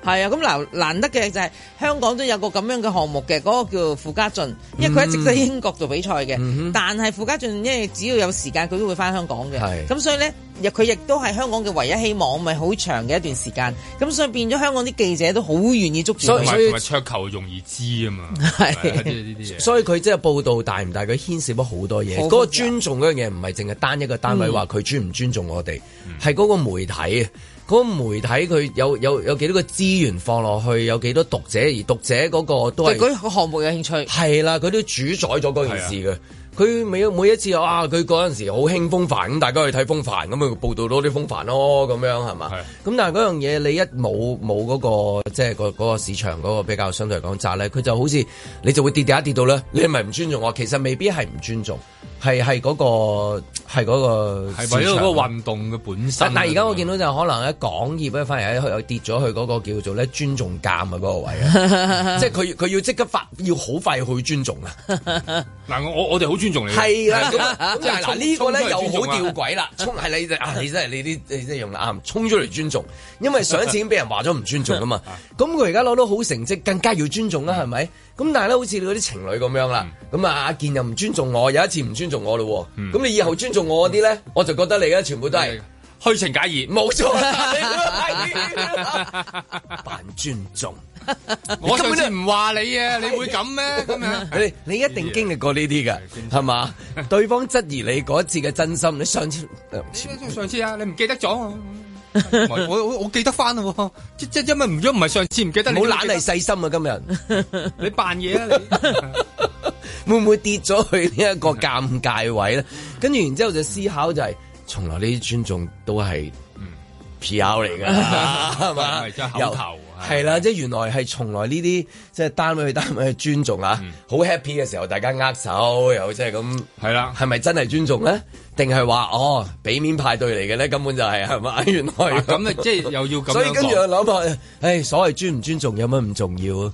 係啊，咁難、啊啊、難得嘅就係、是、香港都有個咁樣嘅項目嘅，嗰、那個叫傅家俊，因為佢一直喺英國做比賽嘅。嗯嗯、但係傅家俊，因為只要有時間，佢都會翻香港嘅。咁是所以咧。佢亦都係香港嘅唯一希望，咪好長嘅一段時間。咁所以變咗香港啲記者都好願意捉住。所以桌球容易知啊嘛。係是。所以佢即係報道大唔大，佢牽涉咗好多嘢。嗰個尊重嗰樣嘢唔係淨係單一個單位話佢、嗯、尊唔尊重我哋，係嗰、嗯、個媒體嗰、嗰個媒體佢有有有，有幾多個資源放落去，有幾多讀者，而讀者嗰個都係個項目有興趣。係啦，佢都主宰咗嗰件事嘅。佢每每一次啊，佢嗰陣時好興風帆，咁，大家去睇風帆，咁啊，報道多啲風帆咯，咁樣係嘛？咁是的 但係嗰樣嘢你一冇冇嗰個即係個個市場嗰個比較相對嚟講窄咧，佢就好似你就會跌跌一跌到咧，你係咪唔尊重啊？其實未必係唔尊重。係係嗰個係嗰個，個運動嘅本身但。但係而家我見到就可能喺港業咧，反而喺佢跌咗去嗰個叫做咧尊重監嘅嗰個位啊！ 即係佢佢要即刻發，要好快要去尊重啊！嗱 我我哋好尊重你，係啦、啊，咁係嗱呢個咧又好吊詭啦，衝係你啊！你真係你啲你係用眼衝出嚟尊重，因為上一次已經俾人話咗唔尊重啊嘛！咁佢而家攞到好成績，更加要尊重啦，係咪？咁但係咧，好似你嗰啲情侶咁樣啦，咁、嗯、啊阿健又唔尊重我，有一次唔尊重我咯喎，咁、嗯、你以後尊重我嗰啲咧，嗯、我就覺得你咧全部都係你虛情假意，冇錯。扮 尊重，我根本就唔話你啊， 你會咁咩？咁樣， 你你一定經歷過呢啲嘅，係嘛？ 對方質疑你嗰一次嘅真心，你上次，上次啊，你唔記得咗。 我我我記得翻啊。即即因為唔咗唔係上次唔記得，冇懶係細心啊！今日 你扮嘢啊，你 會唔會跌咗去尷呢一個尷尬位咧？跟住然之後就思考就係、是，從、嗯、來呢啲尊重都係 P R 嚟噶，係嘛、嗯？真口頭有。係啦，即係原來係從來呢啲即係單位去單位去尊重啊，好、嗯、happy 嘅時候，大家握手又即係咁，係啦的，係咪真係尊重咧？定係話哦俾面派對嚟嘅咧？根本就係係嘛，原來咁啊， 即係又要咁，所以跟住說我諗下，誒、哎，所謂尊唔尊重有乜唔重要啊？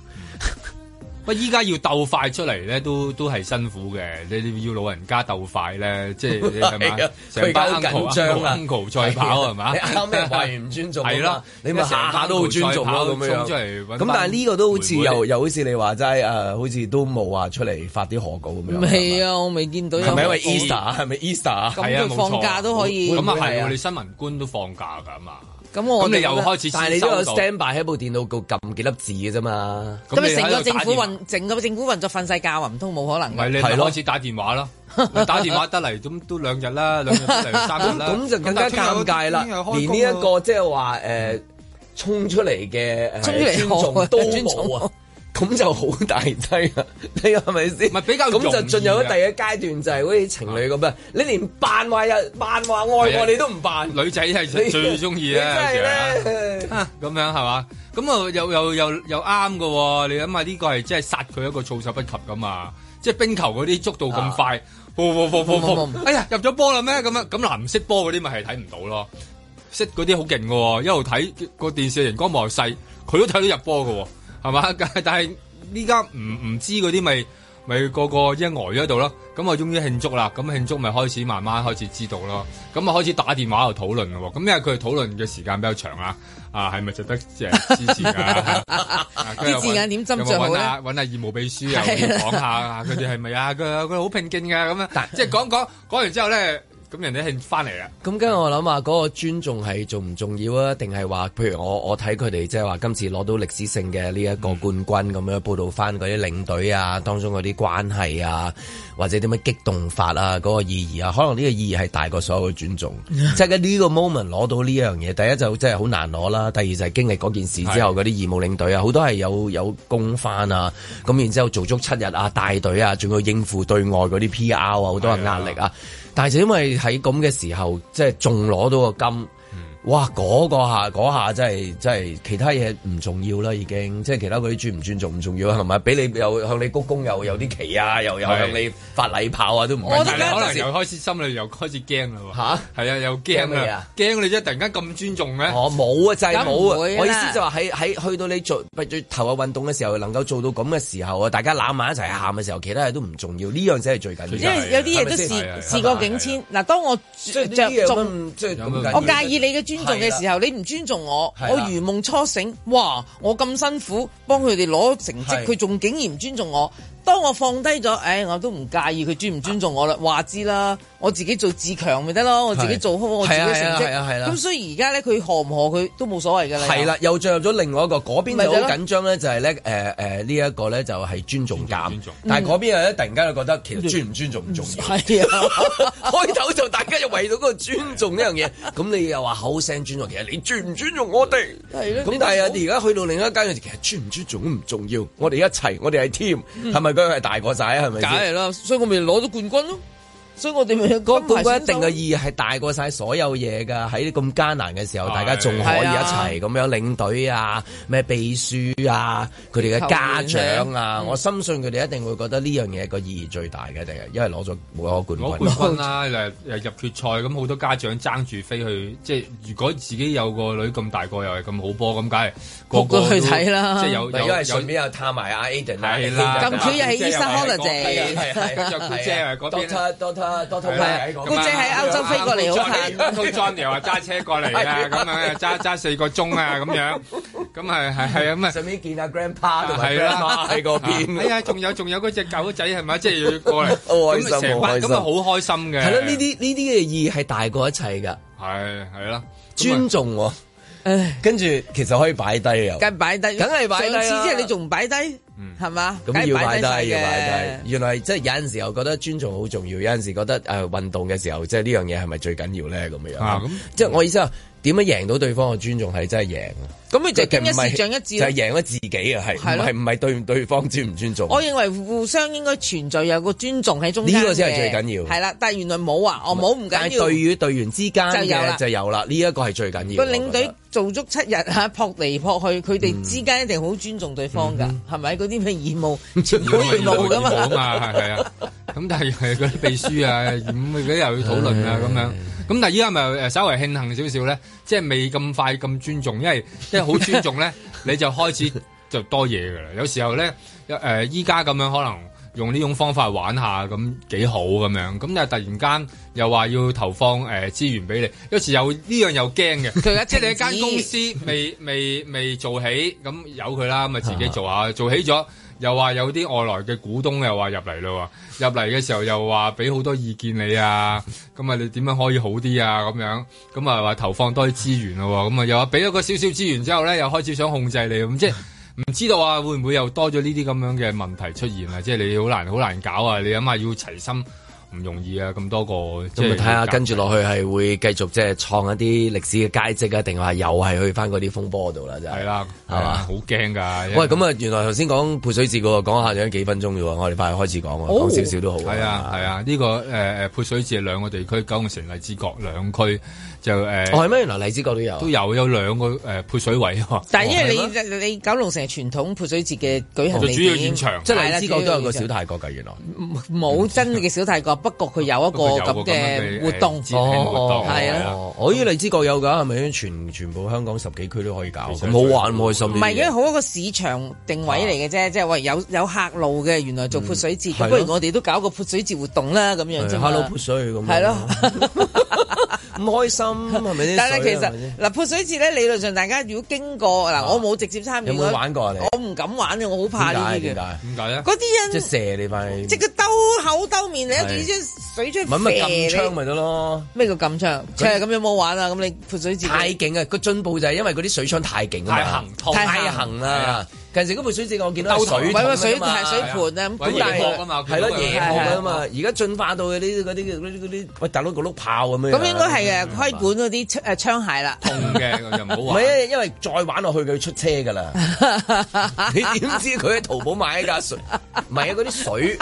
不過依家要鬥快出嚟咧，都都係辛苦嘅。你要老人家鬥快咧，即係係嘛？成班緊張啊 control 再跑係嘛？你啱啱跑完唔尊重，係咯？你咪成下都好尊重咯咁樣。咁但係呢個都好似又又好似你話齋誒，好似都冇話出嚟發啲賀稿咁樣。係啊，我未見到。係咪因為 Easter？係咪 Easter？啊，咁放假都可以。咁啊係啊！我哋新聞官都放假㗎嘛？咁我，你又開始，但係你都有 standby 喺部電腦度撳幾粒字嘅啫嘛。咁咪成個政府運，整個政府運作瞓晒覺啊？唔通冇可能？咪你開始打電話咯，是的 打電話得嚟，咁 都兩日啦，兩日成三日啦。咁 就更加尷尬啦，連呢一個即係話誒，衝出嚟嘅誒尊重都冇啊！咁就好大劑啊，係咪先？比較咁就進入咗第二階段，就係好似情侶咁啊！你連扮話日，扮話愛我，你都唔扮。女仔係最最中意啊，咁樣係嘛？咁啊，又又又又啱嘅。你諗下呢個係真係殺佢一個措手不及咁嘛。即係冰球嗰啲速度咁快，哎呀，入咗波啦咩？咁樣咁藍色波嗰啲咪係睇唔到咯？識嗰啲好勁嘅，一路睇個電視熒光幕又細，佢都睇到入波嘅，哦。係嘛？但係但呢家唔唔知嗰啲咪咪個個一呆咗喺度咯。咁我終於慶祝啦！咁慶祝咪開始慢慢開始知道咯。咁啊開始打電話又討論嘅喎。咁因為佢哋討論嘅時間比較長啊，是是啊, 啊，啊係咪值得誒支持㗎？啲、啊啊、時間點斟酌啊！揾下業務秘書啊，講下佢哋係咪啊？佢佢好拼勁㗎咁樣， 即係講講講完之後咧。咁人哋係翻嚟啊。咁跟住我諗下嗰個尊重係重唔重要啊？定係話，譬如我我睇佢哋即係話今次攞到歷史性嘅呢一個冠軍咁樣報道翻嗰啲領隊啊，當中嗰啲關係啊，或者點樣激動法啊，嗰個意義啊，可能呢個意義係大過所有嘅尊重。即係呢個 moment 攞到呢樣嘢，第一就真係好難攞啦，第二就係經歷嗰件事之後，嗰啲的義務領隊啊，好多係有有供翻啊，咁然之後做足七日啊，大隊啊，仲要應付對外嗰啲 PR 啊，好多人壓力啊。但係就因為喺咁嘅時候，即係仲攞到個金。哇！嗰下下真係真係其他嘢唔重要啦，已經即係其他嗰啲尊唔尊重唔重要啦，係咪？俾你又向你鞠躬，又有啲奇啊，又又向你發禮炮啊，都唔緊要。但係你可能又開始心裏又開始驚啦喎。嚇係啊，又驚啊！驚我哋突然間咁尊重咩？我冇啊，就係冇。我意思就話喺喺去到你做最頭嘅運動嘅時候，能夠做到咁嘅時候啊，大家攬埋一齊喊嘅時候，其他嘢都唔重要，呢樣嘢係最緊要。因為有啲嘢都事事過境遷嗱，當我著重我介意你嘅。尊重嘅時候，的你唔尊重我，的我如夢初醒，哇！我咁辛苦幫佢哋攞成績，佢仲的竟然唔尊重我。當我放低咗，誒，我都唔介意佢尊唔尊重我啦，話知啦，我自己做自強咪得咯，我自己做好我自己成績，咁所以而家咧，佢何唔何佢都冇所謂嘅咧。係啦，又進入咗另外一個嗰邊就好緊張咧，就係咧，誒誒，呢一個咧就係尊重減，但係嗰邊又一突然間就覺得其實尊唔尊重唔重要，開頭就大家又圍到嗰個尊重呢樣嘢，咁你又話口聲尊重，其實你尊唔尊重我哋係咧，咁但係我而家去到另一間其實尊唔尊重都唔重要，我哋一齊，我哋係 team，係咪？佢係大個仔，係咪梗係啦，所以我咪攞咗冠軍咯。所以我哋樣嗰個一定嘅意義係大過晒所有嘢㗎，喺咁艱難嘅時候，大家仲可以一齊咁樣領隊啊、咩秘書啊、佢哋嘅家長啊，我深信佢哋一定會覺得呢樣嘢個意義最大嘅，定係因為攞咗攞個冠軍。冠軍啦，入決賽，咁好多家長爭住飛去，即係如果自己有個女咁大個，又係咁好波，咁梗係個個去睇啦。即係有有順便又探埋阿 Aden 啦，又起身 Holland 姐，啊，多託姐姑姐喺歐洲飛過嚟，好睇。John 又話揸車過嚟啊，咁樣揸揸四個鐘啊，咁樣咁係係係啊，咁啊上邊見下 grandpa 同埋 grandma 喺嗰邊。哎呀，仲有仲有嗰隻狗仔係咪啊，即係要過嚟，咁啊成班，咁啊好開心嘅。係咯，呢啲呢啲嘅意義係大過一切噶。係係啦，尊重。唉，跟住其實可以擺低啊，梗擺低，梗係擺低。次之你仲唔擺低？係嘛？咁、嗯、要擺低，要擺低。原來即係有陣時候覺得尊重好重要，有陣時覺得誒運、呃、動嘅時候，即係呢樣嘢係咪最緊要咧？咁樣樣，即係我意思啊。點樣贏到對方嘅尊重係真係贏，咁你就係贏一仗一仗，就係贏咗自己啊！係係唔係對對方尊唔尊重？我認為互相應該存在有個尊重喺中間，呢個先係最緊要。係啦，但係原來冇啊，我冇唔緊要。但係隊與隊員之間就有啦，呢一個係最緊要。個領隊做足七日吓，撲嚟撲去，佢哋之間一定好尊重對方噶，係咪？嗰啲咩義務唔好義務噶嘛？咁啊，係係啊！咁但係嗰啲秘書啊，咁佢又要討論啊，咁樣。咁但係依家咪誒稍微慶幸少少咧，即係未咁快咁尊重，因為即係好尊重咧， 你就開始就多嘢㗎啦。有時候咧，誒依家咁樣可能用呢種方法玩下咁幾好咁樣，咁但係突然間又話要投放誒、呃、資源俾你，有時又呢樣又驚嘅。 即係你一間公司未未未，未做起，咁由佢啦，咁啊自己做下， 做起咗。又話有啲外來嘅股東又話入嚟咯，入嚟嘅時候又話俾好多意見你啊，咁啊你點樣可以好啲啊咁樣，咁啊話投放多啲資源咯，咁啊又話俾咗個少少資源之後咧，又開始想控制你咁，即係唔知道啊會唔會又多咗呢啲咁樣嘅問題出現啊，即係你好難好難搞啊，你諗下要齊心。唔容易啊！咁多個，咁啊睇下跟住落去係會繼續即係創一啲歷史嘅佳績啊，定話又係去翻嗰啲風波度啦？啫的，係啦吧，係嘛？好驚㗎！因為 喂，咁啊，原來頭先講潑水節喎，講下仲有幾分鐘喎，我哋快開始講喎，哦、講少少都好。係啊，係啊，呢、這個誒誒、呃、潑水節係兩個地區，九龍城、荔枝角兩區。就誒，係咩？原來荔枝角都有，都有有兩個誒潑水位。但係因為你你九龍城係傳統潑水節嘅舉行，主要現場，即係荔枝角都有個小泰國㗎。原來冇真嘅小泰國，不過佢有一個咁嘅活動。哦，係啊，我以荔枝角有㗎，係咪全全部香港十幾區都可以搞？冇玩冇開心。唔係，因為好一個市場定位嚟嘅啫，即係喂有有客路嘅，原來做潑水節，不如我哋都搞個潑水節活動啦，咁樣就 Hello 潑水咁。係咯。唔開心，係咪先？但係其實嗱，潑水節咧理論上，大家如果經過嗱，我冇直接參與過，有冇玩過啊？你？我唔敢玩啊，我好怕呢啲嘅。點解？點解咧？嗰啲人即係射你咪，即佢兜口兜面，你一住啲水槍。咁咪撳槍咪得咯？咩叫撳槍？即係咁樣冇玩啊！咁你潑水節太勁啊！個進步就係因為嗰啲水槍太勁啊，太行，太行啦。近時嗰部水池我見到，水盤啊，水盤啊，水盤咧咁大，係咯，嘢火噶嘛。而家進化到佢啲啲嗰啲嗰，喂大佬個碌炮咁樣。咁應該係誒開管嗰啲誒槍械啦。痛嘅，就唔好玩。唔係，因為再玩落去佢出車噶啦。你點知佢喺淘寶買一架水，唔係啊，嗰啲水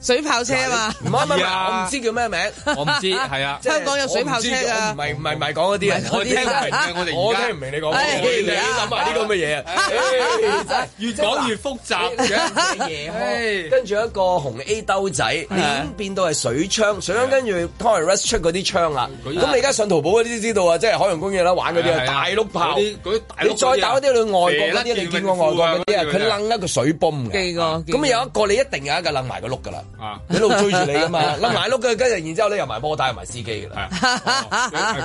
水炮車啊嘛。唔啱，唔，我唔知叫咩名，我唔知係啊。香港有水炮車㗎。唔係唔係唔係講嗰啲啊。我聽唔明啊！我我聽唔明你講乜嘢？諗埋啲咁嘅嘢越講越複雜，跟住一個紅 A 兜仔，已經變到係水槍？水槍跟住拖嚟 rest 出嗰啲槍啦。咁你而家上淘寶嗰啲都知道啊，即係海洋公園啦，玩嗰啲啊，大碌炮嗰啲。你再打一啲你外國嗰啲，你一定見過外國嗰啲啊？佢擸一個水泵嘅，咁有一個你一定有一個擸埋個碌噶啦，喺度追住你噶嘛，擸埋碌嘅，跟住然之後咧又埋波帶又埋司機噶啦。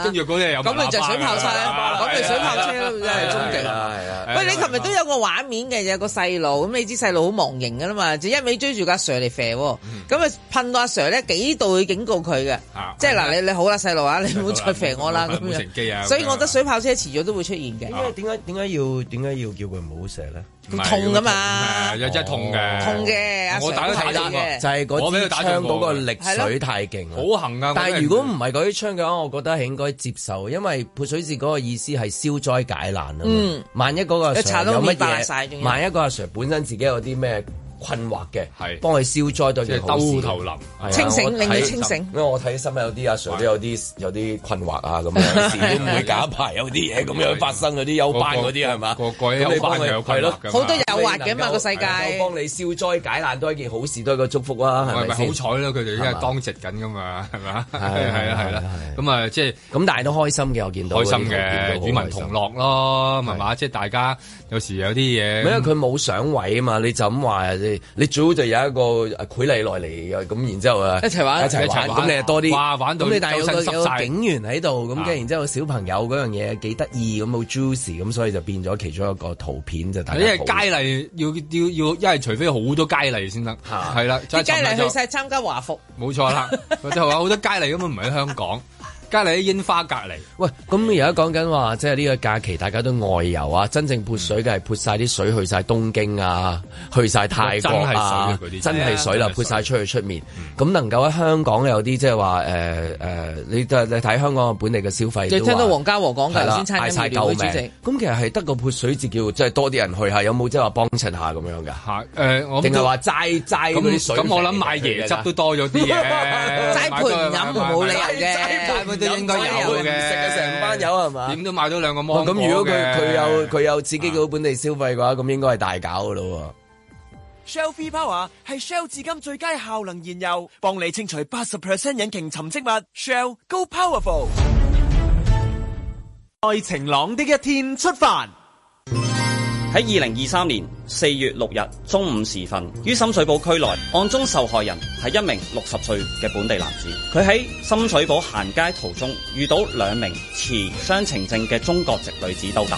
跟住嗰啲有咁咪就係水炮車咧？咁咪水炮車即係終極啦。喂，你琴日都有個畫面。嘅有個細路，咁你知細路好忘形噶啦嘛，就一味追住個阿 Sir 嚟射，咁啊噴到阿 Sir 咧幾度去警告佢嘅，即係嗱你你好啦細路啊，你唔好再射我啦咁沒樣，啊、所以我覺得水炮車遲早都會出現嘅。因為點解點解要點解要叫佢唔好射咧？痛噶嘛，又真係痛嘅。痛嘅，Sir, 我打咗提拉，就係嗰我俾佢打咗嗰個力水太勁啦。好痕噶，但係如果唔係嗰啲槍嘅話，我覺得係應該接受，因為潑水節嗰個意思係消災解難啊。嗯，萬一嗰個阿 Sir 有乜嘢，萬一個阿 Sir 本身自己有啲咩？困惑嘅，係幫佢消災都係好事。兜頭淋，清醒，令佢清醒。因為我睇新聞有啲阿 sir 都有啲有啲困惑啊，咁樣，都唔會假牌有啲嘢咁樣發生，有啲休班嗰啲係嘛？個鬼休班係咯，好多誘惑嘅嘛個世界。幫你消災解難都係一件好事，都係個祝福啊！係咪好彩咧？佢哋依家當值緊㗎嘛，係咪啊？係啦係啦，咁啊即係咁，但係都開心嘅我見到。開心嘅，與民同樂咯，係嘛？即係大家。有時有啲嘢，因為佢冇上位啊嘛，你就咁話你最好就有一個比例落嚟，咁然之後啊，一齊玩，一齊玩。咁你啊多啲，哇，玩到，但係有，有個警員喺度，咁跟住然之後小朋友嗰樣嘢幾得意，咁冇 juicy，咁所以就變咗其中一個圖片就大家。因為佳麗要要要，因為除非好多佳麗先得，係啦、啊，即係佳麗去晒參加華服，冇錯啦，就係話好多佳麗根本唔係喺香港。加你啲櫻花隔離，喂，咁而家講緊話，即係呢個假期大家都外遊啊，真正潑水嘅係潑晒啲水去晒東京啊，去晒泰國啊，真係水啦，真係水啦，潑曬出去出面，咁能夠喺香港有啲即係話誒誒，你你睇香港本地嘅消費，你聽到黃家和講嘅先，大細狗命，咁其實係得個潑水節叫即係多啲人去，下，有冇即係話幫襯下咁樣嘅？嚇，誒，我，定係話齋齋嗰啲水，咁我諗買椰汁都多咗啲嘅，齋盤飲冇理由嘅。應該有嘅，成班友係嘛？點都買咗兩個芒果咁如果佢佢有佢有刺激到本地消費嘅話，咁應該係大搞嘅咯。Shell Free Power 係 Shell 至今最佳效能燃油，幫你清除八十 percent 引擎沉積物。Shell Go Powerful，在晴朗的一天出發。喺二零二三年四月六日中午時分，於深水埗區內，案中受害人係一名六十歲嘅本地男子。佢喺深水埗行街途中，遇到兩名持雙程證嘅中國籍女子到達。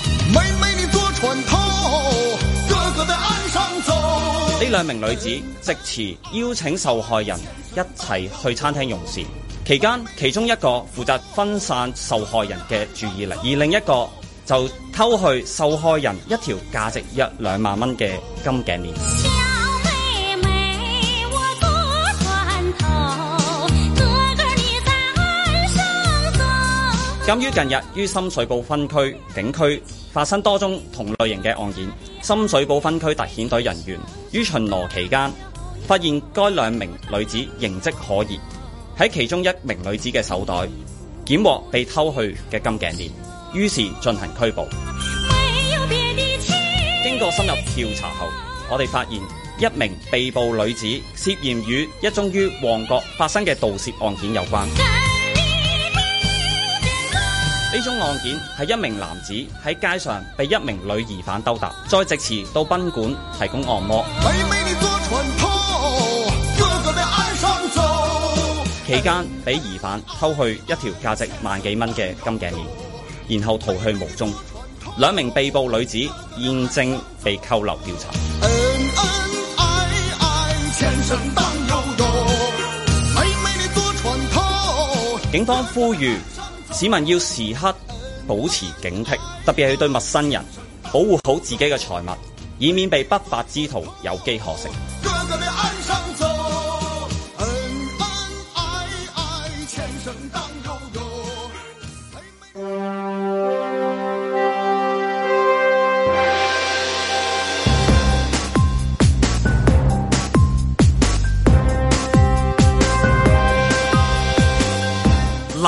呢兩名女子即時邀請受害人一齊去餐廳用膳。期間其中一個負責分散受害人嘅注意力，而另一個，就偷去受害人一條價值一兩萬蚊嘅金頸鏈。鑒於近日於深水埗分區警區發生多宗同類型嘅案件，深水埗分區特遣隊人員於巡邏期間發現該兩名女子形迹可疑，喺其中一名女子嘅手袋檢獲被偷去嘅金頸鏈。於是進行拘捕。經過深入調查後，我哋發現一名被捕女子涉嫌與一宗於旺角發生嘅盜竊案件有關。呢宗案件係一名男子喺街上被一名女疑犯兜搭，再藉詞到賓館提供按摩。 期間俾疑犯偷去一條價值萬幾蚊嘅金頸鏈。然後逃去無蹤，兩名被捕女子現正被扣留調查。警方呼籲市民要時刻保持警惕，特別係對陌生人，保護好自己嘅財物，以免被不法之徒有機可乘。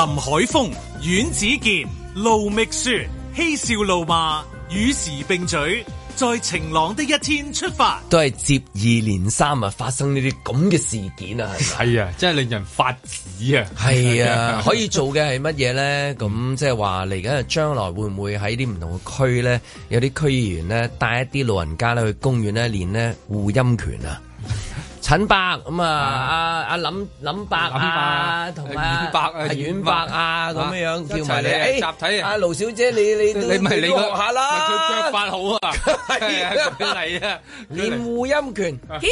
林海峰、阮子健、盧覓雪，嬉笑怒罵，與時並舉，在晴朗的一天出發，都係接二連三啊，發生呢啲咁嘅事件啊，係 啊，真係令人發指啊，係啊，可以做嘅係乜嘢咧？咁即係話嚟緊將來會唔會喺啲唔同嘅區咧，有啲區議員咧帶一啲老人家咧去公園咧練呢護陰拳啊？陳伯咁啊，阿阿林林伯啊，同埋阿阿阮伯啊，咁樣樣叫埋你集體啊，阿盧小姐你你你唔係，你學下啦，佢腳法好啊，係啊，嚟啊，練護陰拳，鐵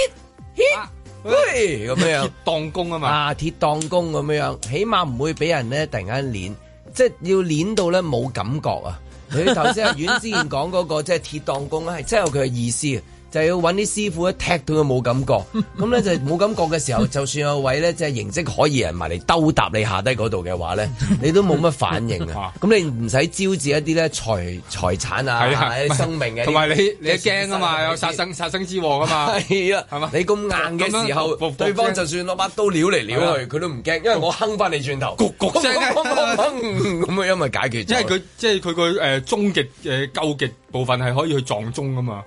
鐵，喂，咁樣樣，鐵檔功啊嘛，啊，鐵檔功咁樣樣，起碼唔會俾人咧突然間捻，即係要捻到咧冇感覺啊。你頭先阿阮之前講嗰個即係鐵檔功咧，係真有佢嘅意思。就要揾啲師傅一踢到佢冇感覺，咁咧就冇感覺嘅時候，就算有位咧，即係形跡可疑人埋嚟兜搭你下低嗰度嘅話咧，你都冇乜反應啊！咁你唔使招致一啲咧財財產啊，生命嘅同埋你你驚啊嘛，有殺生殺生之禍噶嘛！係啊，你咁硬嘅時候，對方就算攞把刀撩嚟撩去，佢都唔驚，因為我哼翻你轉頭，焗焗焗焗因為解決，即係佢即係佢個誒終極嘅究極部分係可以去撞中啊嘛！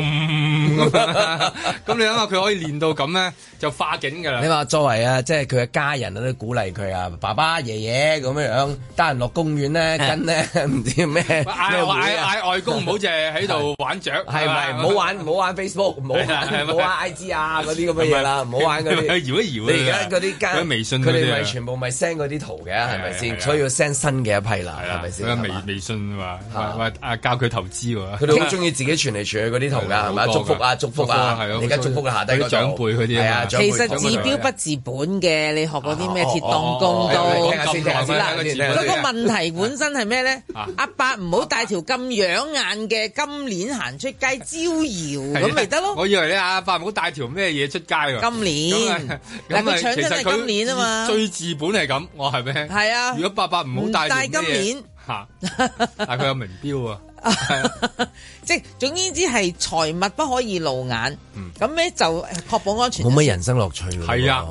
咁你諗下佢可以練到咁咧，就化境噶啦。你話作為啊，即係佢嘅家人咧，都鼓勵佢啊，爸爸、爺爺咁樣樣，得人落公園咧，跟咧唔知咩咩，嗌嗌外公唔好淨係喺度玩雀，係咪？唔好玩唔好玩 Facebook，唔好玩唔好玩 IG 啊嗰啲咁嘅嘢啦，唔好玩嗰啲。搖一搖，你而家嗰啲加微信，佢哋咪全部咪 send 嗰啲圖嘅，係咪先？所以要 send 新嘅一批啦，係咪先？微微信話話啊教佢投資，佢好中意自己傳嚟傳去嗰啲圖。係嘛？祝福啊，祝福啊！你而家祝福下低個長輩嗰啲。係啊，其實治標不治本嘅。你學嗰啲咩鐵鋼功都冇咁簡單。嗰個問題本身係咩咧？阿伯唔好帶條咁養眼嘅金鏈行出街招搖，咁咪得咯？我以為你阿伯唔好帶條咩嘢出街喎。金鏈，但今年實嘛？最治本係咁，我係咩？係啊！如果伯伯唔好帶金鏈，嚇，但佢有名錶啊。啊， 即係，總之只係財物不可以露眼，咁咧、嗯、就確保安全。冇乜人生樂趣咯，係啊，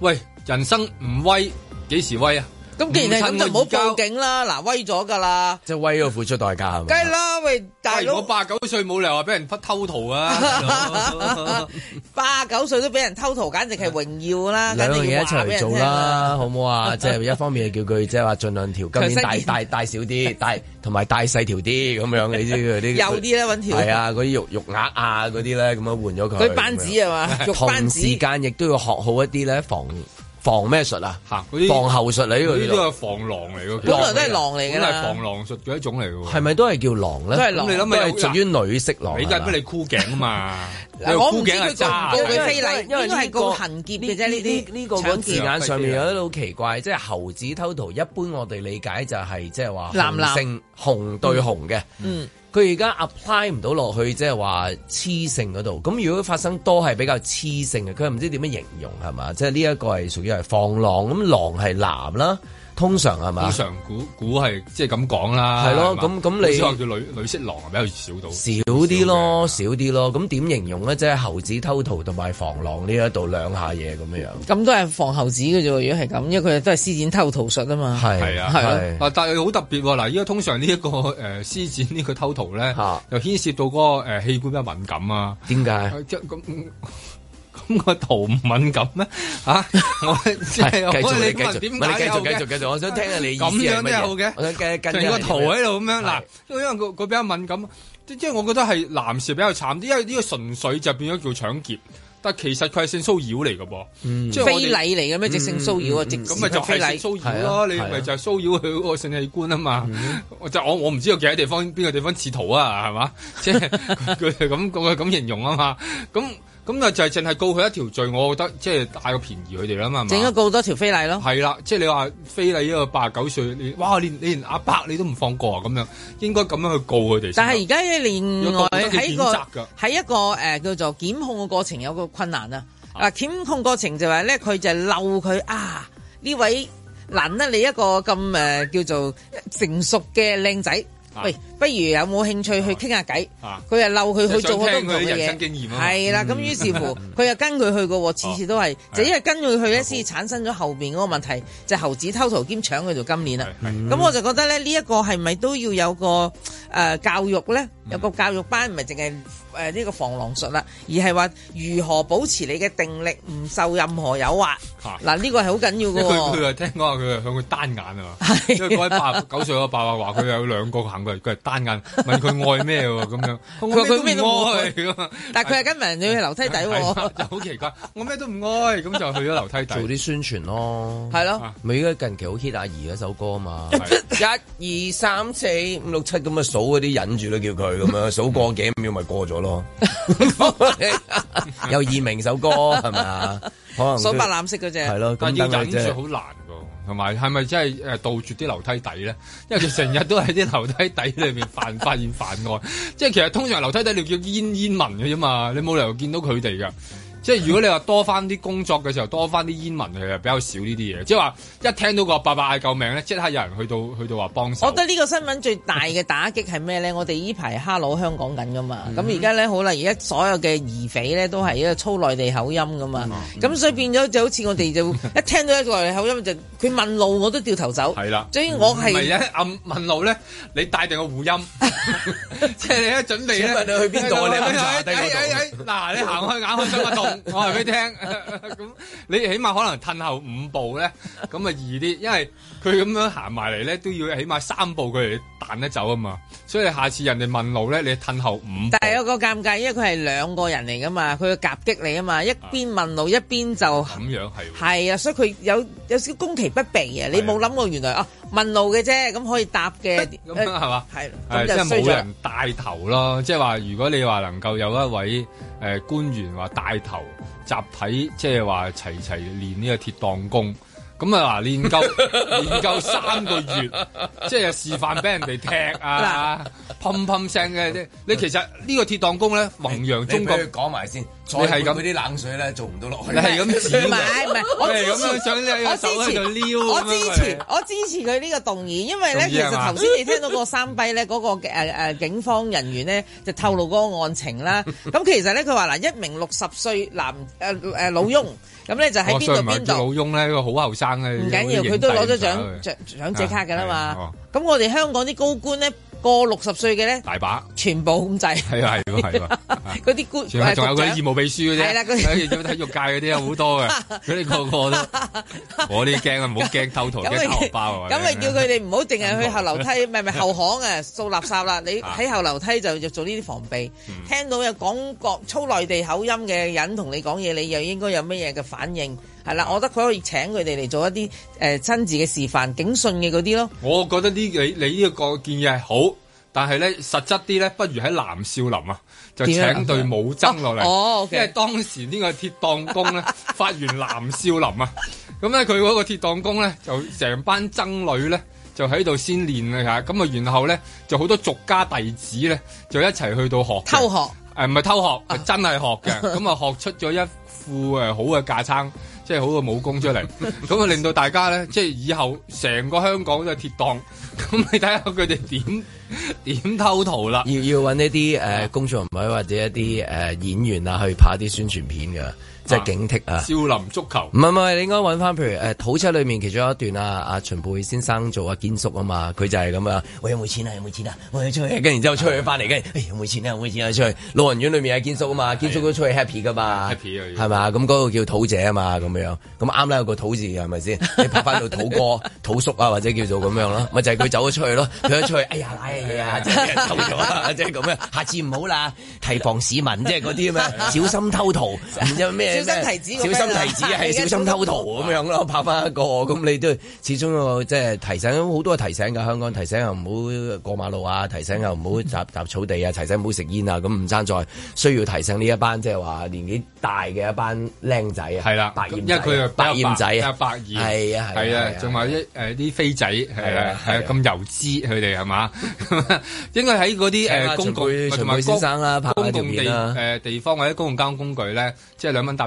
喂，人生唔威，幾時威啊？咁既然係咁就唔好報警啦！嗱，威咗噶啦，即係威咗付出代價，梗係啦。喂，大佬，八九歲冇理由俾人忽偷逃啊！八九歲都俾人偷逃，簡直係榮耀啦！兩樣嘢一齊做啦，好唔好啊？即係一方面係叫佢即係話盡量調今年大大大少啲，大同埋大細條啲咁樣，你知佢啲有啲咧揾條，係啊，嗰啲肉肉鴨啊嗰啲咧，咁樣換咗佢。佢班子啊嘛，同時間亦都要學好一啲咧防。防咩術啊？吓，防猴術你嘅，呢啲都係防狼嚟嘅。本來都係狼嚟嘅啦，都係防狼術嘅一種嚟嘅。係咪都係叫狼咧？都係狼。你諗下，係屬於女色狼。你得乜你箍頸啊嘛？我唔知佢詐，唔知非禮，應該係個行劫嘅啫。呢啲呢個字眼上面有啲好奇怪。即係猴子偷桃，一般我哋理解就係即係話男性紅對紅嘅。嗯。佢而家 apply 唔到落去，即係話雌性嗰度。咁如果發生多係比較雌性嘅，佢又唔知點樣形容，係嘛？即係呢一個係屬於係放狼咁，狼係男啦。通常係咪？通常古古係即係咁講啦。係咯，咁咁你。所以叫女女色狼係比較少到。少啲咯，少啲咯。咁點形容咧？即係猴子偷桃同埋防狼呢一度兩下嘢咁樣樣。咁都係防猴子嘅啫喎。如果係咁，因為佢哋都係施展偷桃術啊嘛。係啊，係啊。但係好特別喎。嗱，依家通常呢一個誒施展呢個偷桃咧，又牽涉到嗰個器官比較敏感啊。點解？即咁。咁個圖唔敏感咩？嚇！我係繼續，你問點解有嘅？繼續繼續繼續，我想聽下你咁樣先好嘅。我哋繼續，跟住個圖喺度咁樣嗱，因為佢佢比較敏感，即係我覺得係男士比較慘啲，因為呢個純粹就變咗做搶劫，但係其實佢係性騷擾嚟㗎噃，即係非禮嚟嘅咩？即係性騷擾啊！即係咁咪就係非禮騷擾咯？你咪就係騷擾佢嗰個性器官啊嘛？就我我唔知道幾多地方邊個地方似圖啊？係嘛？即係佢係咁個咁形容啊嘛？咁。咁啊、嗯，就係淨係告佢一條罪，我覺得即係大個便宜佢哋啦嘛，整一告多條非禮咯。係啦，即係你話非禮一個八十九歲，哇，連連阿伯你都唔放過啊，咁樣應該咁樣去告佢哋。但係而家連我喺個喺一個誒、呃、叫做檢控嘅過程有個困難啊。啊，檢控過程就話、是、咧，佢就係嬲佢啊，呢位難得你一個咁誒、呃、叫做成熟嘅靚仔。喂啊不如有冇興趣去傾下偈？佢又嬲，佢去做好多唔同嘅嘢。係啦，咁於是乎，佢又跟佢去過喎，次次都係，就因為跟佢去咧，先產生咗後邊嗰個問題，就猴子偷桃兼搶佢做今年啦。咁我就覺得咧，呢一個係咪都要有個誒教育咧？有個教育班唔係淨係誒呢個防狼術啦，而係話如何保持你嘅定力唔受任何誘惑？嗱，呢個係好緊要嘅。佢佢話聽講話佢係向佢單眼啊嘛，因為嗰位八九歲個爸爸話佢有兩個行為，佢扮人問佢愛咩喎咁樣？佢咩都愛，但係佢係跟埋人去樓梯底喎，就好奇怪。我咩都唔愛，咁就去咗樓梯底做啲宣傳咯。係咯，咪依家近期好 hit 阿怡嗰首歌啊嘛。一二三四五六七咁嘅數，嗰啲忍住都叫佢咁樣數過幾秒咪過咗咯。又耳鳴首歌係咪啊？可能。數白藍色嗰隻。係咯，忍住好難。同埋係咪真係誒杜絕啲樓梯底咧？因為佢成日都喺啲樓梯底裏面犯發現犯案，即係其實通常樓梯底你叫煙煙民嘅啫嘛，你冇理由見到佢哋㗎。即係如果你話多翻啲工作嘅時候，多翻啲煙民，其實比較少呢啲嘢。即係話一聽到個爸爸嗌救命咧，即刻有人去到去到話幫手。我覺得呢個新聞最大嘅打擊係咩咧？我哋呢排哈囉香港緊噶嘛，咁而家咧好啦，而家所有嘅疑匪咧都係一個粗內地口音噶嘛，咁所以變咗就好似我哋就一聽到一個內地口音，就佢問路我都掉頭走。係啦，所以我係唔係啊？問路咧，你帶定個護音，即係你一準備咧。請問你去邊度，你喺茶餐廳度。嗱，你行開眼我話俾你聽，咁 你起碼可能褪後五步咧，咁啊易啲，因為佢咁樣行埋嚟咧，都要起碼三步佢嚟彈得走啊嘛，所以下次人哋問路咧，你褪後五步。但係有個尷尬，因為佢係兩個人嚟噶嘛，佢嘅夾擊你啊嘛，一邊問路、啊、一邊就。咁樣係。係啊，所以佢有有少少攻其不備啊！你冇諗過原來啊。 問路嘅啫，咁可以搭嘅，咁啊係嘛？係，係即係冇人帶頭咯， 即係話如果你話能夠有一位誒、呃、官員話帶頭，集體即係話齊齊練呢個鐵檔功，咁啊嗱練夠 練夠三個月， 即係示範俾人哋踢啊，砰砰 聲嘅，你其實呢個鐵檔功咧，弘揚中國。講埋先。你係咁俾啲冷水咧，做唔到落去。係咁，唔係唔係，我支持，我支持，我支持佢呢個動議，因為咧其實頭先你聽到個三弊咧，嗰個誒誒警方人員咧就透露嗰個案情啦。咁其實咧佢話嗱，一名六十歲男誒誒老翁，咁咧就喺邊度邊度？老翁咧，呢個好後生嘅，唔緊要，佢都攞咗獎獎獎借卡㗎啦嘛。咁我哋香港啲高官咧。過六十歲嘅咧，大把，全部控制，係啊係啊係啊，嗰啲官，仲有嗰啲義務秘書嗰啲，係啦，嗰啲體育界嗰啲啊，好多嘅，嗰啲個個都，我啲驚啊，唔好驚偷台嘅荷包啊，咁咪叫佢哋唔好淨係去後樓梯，咪咪後巷啊，掃垃圾啦，你喺後樓梯就做呢啲防備，聽到有講國粗內地口音嘅人同你講嘢，你又應該有乜嘢嘅反應？係啦， 我覺得佢可以請佢哋嚟做一啲誒親自嘅示範，警訊嘅嗰啲咯。我覺得呢，你你呢個建議係好，但係咧實質啲咧，不如喺南少林啊，就請隊武僧落嚟，啊哦哦 okay，因為當時呢個鐵檔工咧 發源南少林啊，咁咧佢嗰個鐵檔工咧就成班僧侶咧就喺度先練啊嚇，咁啊然後咧就好多俗家弟子咧就一齊去到學偷學，誒唔係偷學，哦、真係學嘅，咁、嗯、啊學出咗一副誒、呃、好嘅架撐。即係好個武功出嚟，咁啊令到大家咧，即係以後成個香港都係鐵檔，咁你睇下佢哋點點偷圖啦，要要揾一啲誒、呃、工作人員或者一啲誒、呃、演員啊去拍啲宣傳片㗎。即係警惕啊！少林足球唔係唔係，你應該揾翻譬如誒土車裏面其中一段啊！阿秦沛先生做阿堅叔啊嘛，佢就係咁啊！ 喂，有冇錢啊？有冇錢？啊啊的哎、錢啊？我要出去，跟住然之後出去翻嚟，跟住有冇錢啊？有冇錢啊？出去老人院裏面有堅叔啊嘛，堅叔都出去 happy 噶嘛，happy 啊！係嘛？咁嗰、那個叫土姐啊嘛，咁樣咁啱啦有個土字係咪先？你拍翻到「土哥、 土叔啊，或者叫做咁樣咯，咪就係、是、佢走咗出去咯，佢咗出去，哎呀哎呀，即係偷咗啦，係咁啊！下次唔好啦，提防市民即係嗰啲啊嘛，小心偷盜，唔知咩。小心提子，小心提子，係小心偷圖咁樣咯，拍翻一個咁，你都始終即係提醒，好多提醒噶，香港提醒又唔好過馬路啊，提醒又唔好踏踏草地啊，提醒唔好食煙啊，咁唔爭在需要提醒呢一班即係話年紀大嘅一班靚仔啊，係啦，因為佢係百厭仔啊，百厭，係啊，係啊，仲有啲誒啲飛仔，係啊，係啊，咁油脂佢哋係嘛？應該喺嗰啲誒公共同埋公誒地方或者公共交通工具咧，即係兩蚊搭。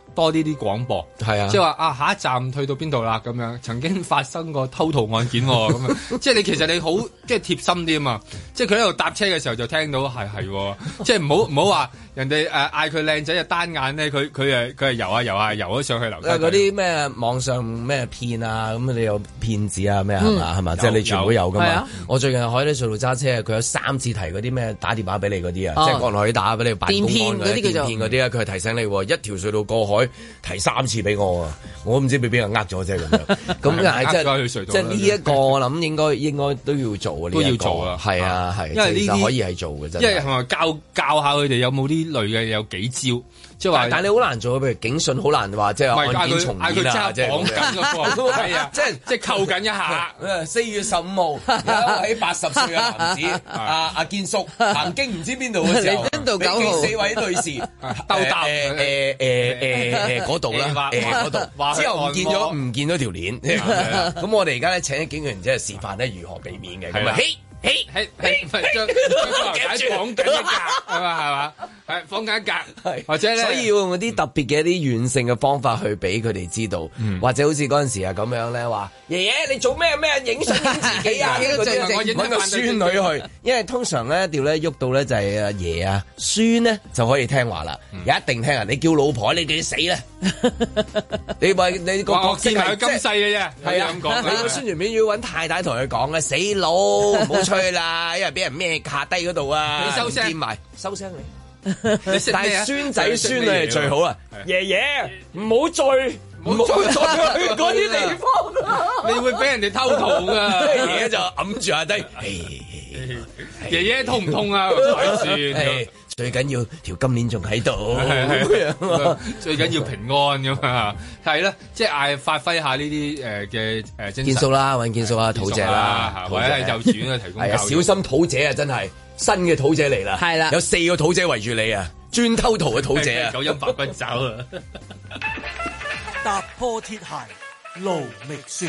多啲啲廣播係啊，即係話啊下一站去到邊度啦咁樣。曾經發生過偷盜案件喎，咁樣即係你其實你好即係貼心啲啊嘛，即係佢喺度搭車嘅時候就聽到係係，即係唔好唔好話人哋誒嗌佢靚仔就單眼咧，佢佢誒佢係遊下遊下游咗上去。因為嗰啲咩網上咩騙啊，咁你有騙子啊咩係嘛即係你全部有㗎嘛。我最近海底隧道揸車，佢有三次提嗰啲咩打電話俾你嗰啲啊，即係國內打俾你辦公嗰啲叫做騙嗰啲啊，佢係提醒你一條隧道過海。佢提三次俾我啊！我唔知俾邊人呃咗啫，咁樣咁但係即係呢一個我諗應該應該都要做，啊，呢都要做啊，係啊係，因為呢啲可以係做嘅啫，因為同埋教教下佢哋有冇啲類嘅有幾招。即係話，但係你好難做，譬如警訊好難話，即係案件重啲即係講緊個啊，即係即係扣緊一下。四月十五號，喺八十歲嘅男子，阿阿堅叔行經唔知邊度嘅時候，度九號四位女士兜兜誒誒誒度啦，誒度之後見咗唔見咗條鏈。咁我哋而家咧請警員即係示範咧如何避免嘅，係咪？係係唔係放緊一格啊嘛，係嘛，係放緊一格，或者咧所以要用啲特別嘅一啲軟性嘅方法去俾佢哋知道，或者好似嗰陣時啊咁樣咧話，爺爺你做咩咩影相自己啊，揾個孫女去，因為通常咧調咧喐到咧就係阿爺啊，孫咧就可以聽話啦，一定聽啊，你叫老婆你叫死啦，你話你個角色係佢今世嘅啫，係啊咁講，孫原本要揾太太同佢講嘅死佬，去啦，因為俾人咩架低嗰度啊，收聲埋，收聲你，但係孫仔孫女係最好啊，爺爺唔好再唔好再去嗰啲地方啦，你會俾人哋偷圖啊，爺爺就揞住下底，爺爺痛唔痛啊？算。最緊要條金鏈仲喺度， 最緊要平安咁啊！係啦，即係嗌發揮下呢啲誒嘅誒精神。建叔啦，搵建叔啊，土姐啦，或者係就轉啊，提供。 小心土姐啊！真係新嘅土姐嚟啦，係啦了，有四個土姐圍住你啊，專偷圖嘅土姐啊，九陰白骨爪啊！踏破鐵鞋路覓雪。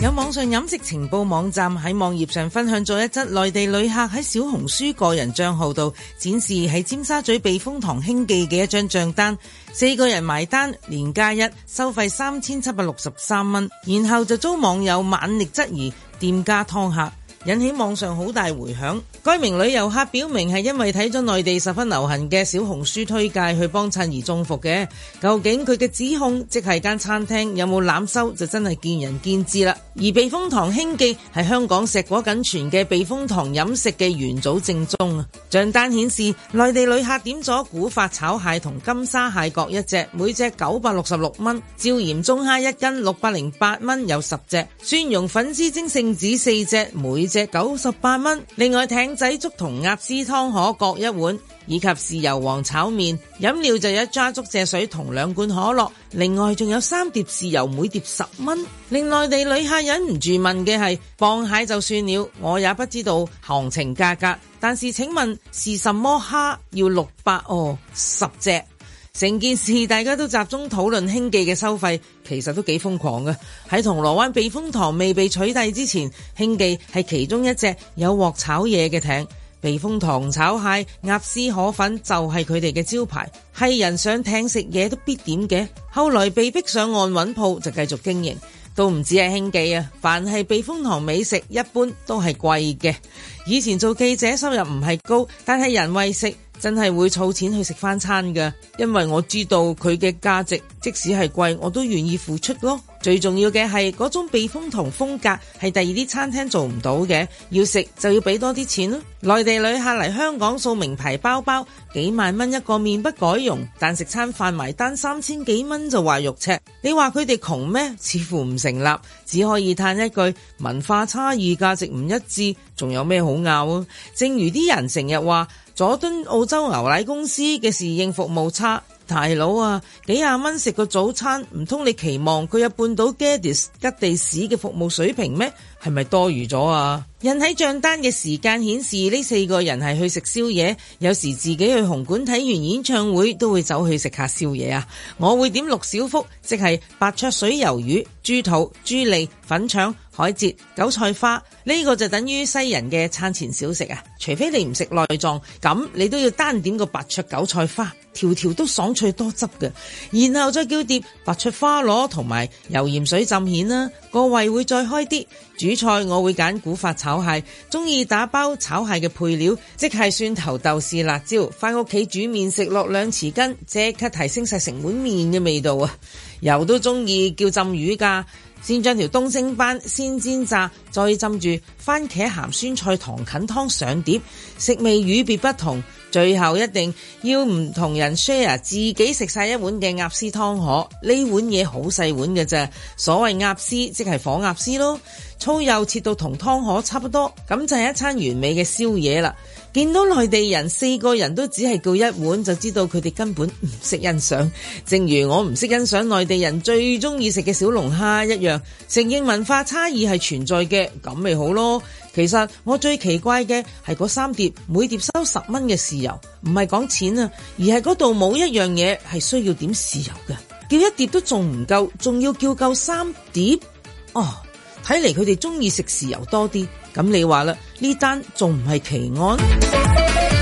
有網上飲食情報網站喺網頁上分享咗一則內地旅客喺小紅書個人賬號度展示喺尖沙咀避風塘興記嘅一張賬單，四個人埋單連加一，收費三千七百六十三蚊，然後就遭網友猛烈質疑店家劏客。引起網上好大迴響。該名旅遊客表明係因為睇咗內地十分流行嘅小紅書推介去幫襯而中伏嘅。究竟佢嘅指控即係間餐廳有冇濫收，就真係見仁見智啦。而避風塘興記係香港碩果僅存嘅避風塘飲食嘅元祖正宗。賬單顯示內地旅客點咗古法炒蟹同金沙蟹各一隻，每隻九百六十六蚊；椒鹽中蝦一斤六百零八蚊，有十隻，蒜蓉粉絲蒸蟶子四隻，每隻九十八蚊，另外艇仔粥同鴨絲湯可各一碗，以及豉油皇炒麵。飲料就有一扎竹蔗水同兩罐可樂，另外仲有三碟豉油，每碟十蚊。令內地旅客忍唔住問嘅係，放蟹就算了，我也不知道行情價格。但是請問是什麼蝦要六百哦，十隻？成件事大家都集中討論興記嘅收費，其實都幾瘋狂㗎。喺銅鑼灣避風塘未被取締之前，興記係其中一隻有鑊炒嘢嘅艇。避風塘炒蟹、鴨絲河粉就係佢哋嘅招牌，係人上艇食嘢都必點嘅。後來被逼上岸揾鋪就繼續經營，都唔止係興記啊。凡係避風塘美食，一般都係貴嘅。以前做記者收入唔係高，但係人為食。真係會湊錢去食返餐㗎，因為我知道佢嘅價值，即使係貴，我都願意付出咯。最重要嘅係嗰種避風塘風格係第二啲餐廳做唔到嘅，要食就要俾多啲錢咯。內地旅客嚟香港掃名牌包包幾萬蚊一個面不改容，但食餐飯埋單三千幾蚊就話肉赤，你話佢哋窮咩？似乎唔成立，只可以嘆一句文化差異價值唔一致，仲有咩好拗啊？正如啲人成日話佐敦澳洲牛奶公司嘅侍應服務差。大佬啊，幾廿蚊食個早餐，唔通你期望佢有半島吉地士嘅服務水平咩？係咪多餘咗啊？人喺賬單嘅時間顯示呢四個人係去食宵夜，有時自己去紅館睇完演唱會都會走去食下宵夜啊！我會點六小福，即係白灼水魷魚、豬肚、豬脷、粉腸、海蜇、韭菜花，呢、這個就等於西人嘅餐前小食啊！除非你唔食內臟，咁你都要單點個白灼韭菜花，條條都爽脆多汁嘅，然後再叫碟白灼花螺同埋油鹽水浸蜆啦，個胃會再開啲。主菜我會揀古法炒。炒蟹中意打包炒蟹嘅配料，即係蒜頭、豆豉、辣椒，返屋企煮麵食落兩匙羹，即刻提升晒成碗麵嘅味道啊！油都中意叫浸魚噶，先將條東星斑先煎炸，再浸住番茄鹹酸菜糖芹湯上碟，食味與別不同。最後一定要唔同人 share，自己食晒一碗嘅鴨絲湯河。呢碗嘢好細碗嘅啫，所謂鴨絲即係火鴨絲咯，粗幼切到同湯河差不多，咁就係一餐完美嘅宵夜啦。見到內地人四個人都只係叫一碗，就知道佢哋根本唔識欣賞，正如我唔識欣賞內地人最中意食嘅小龍蝦一樣。承認文化差異係存在嘅，咁咪好咯。其實我最奇怪嘅係嗰三碟，每碟收十蚊嘅豉油，唔係講錢啊，而係嗰度冇一樣嘢係需要點豉油嘅，叫一碟都仲唔夠，仲要叫夠三碟？哦，睇嚟佢哋中意食豉油多啲。咁你話啦，呢單仲唔係奇案？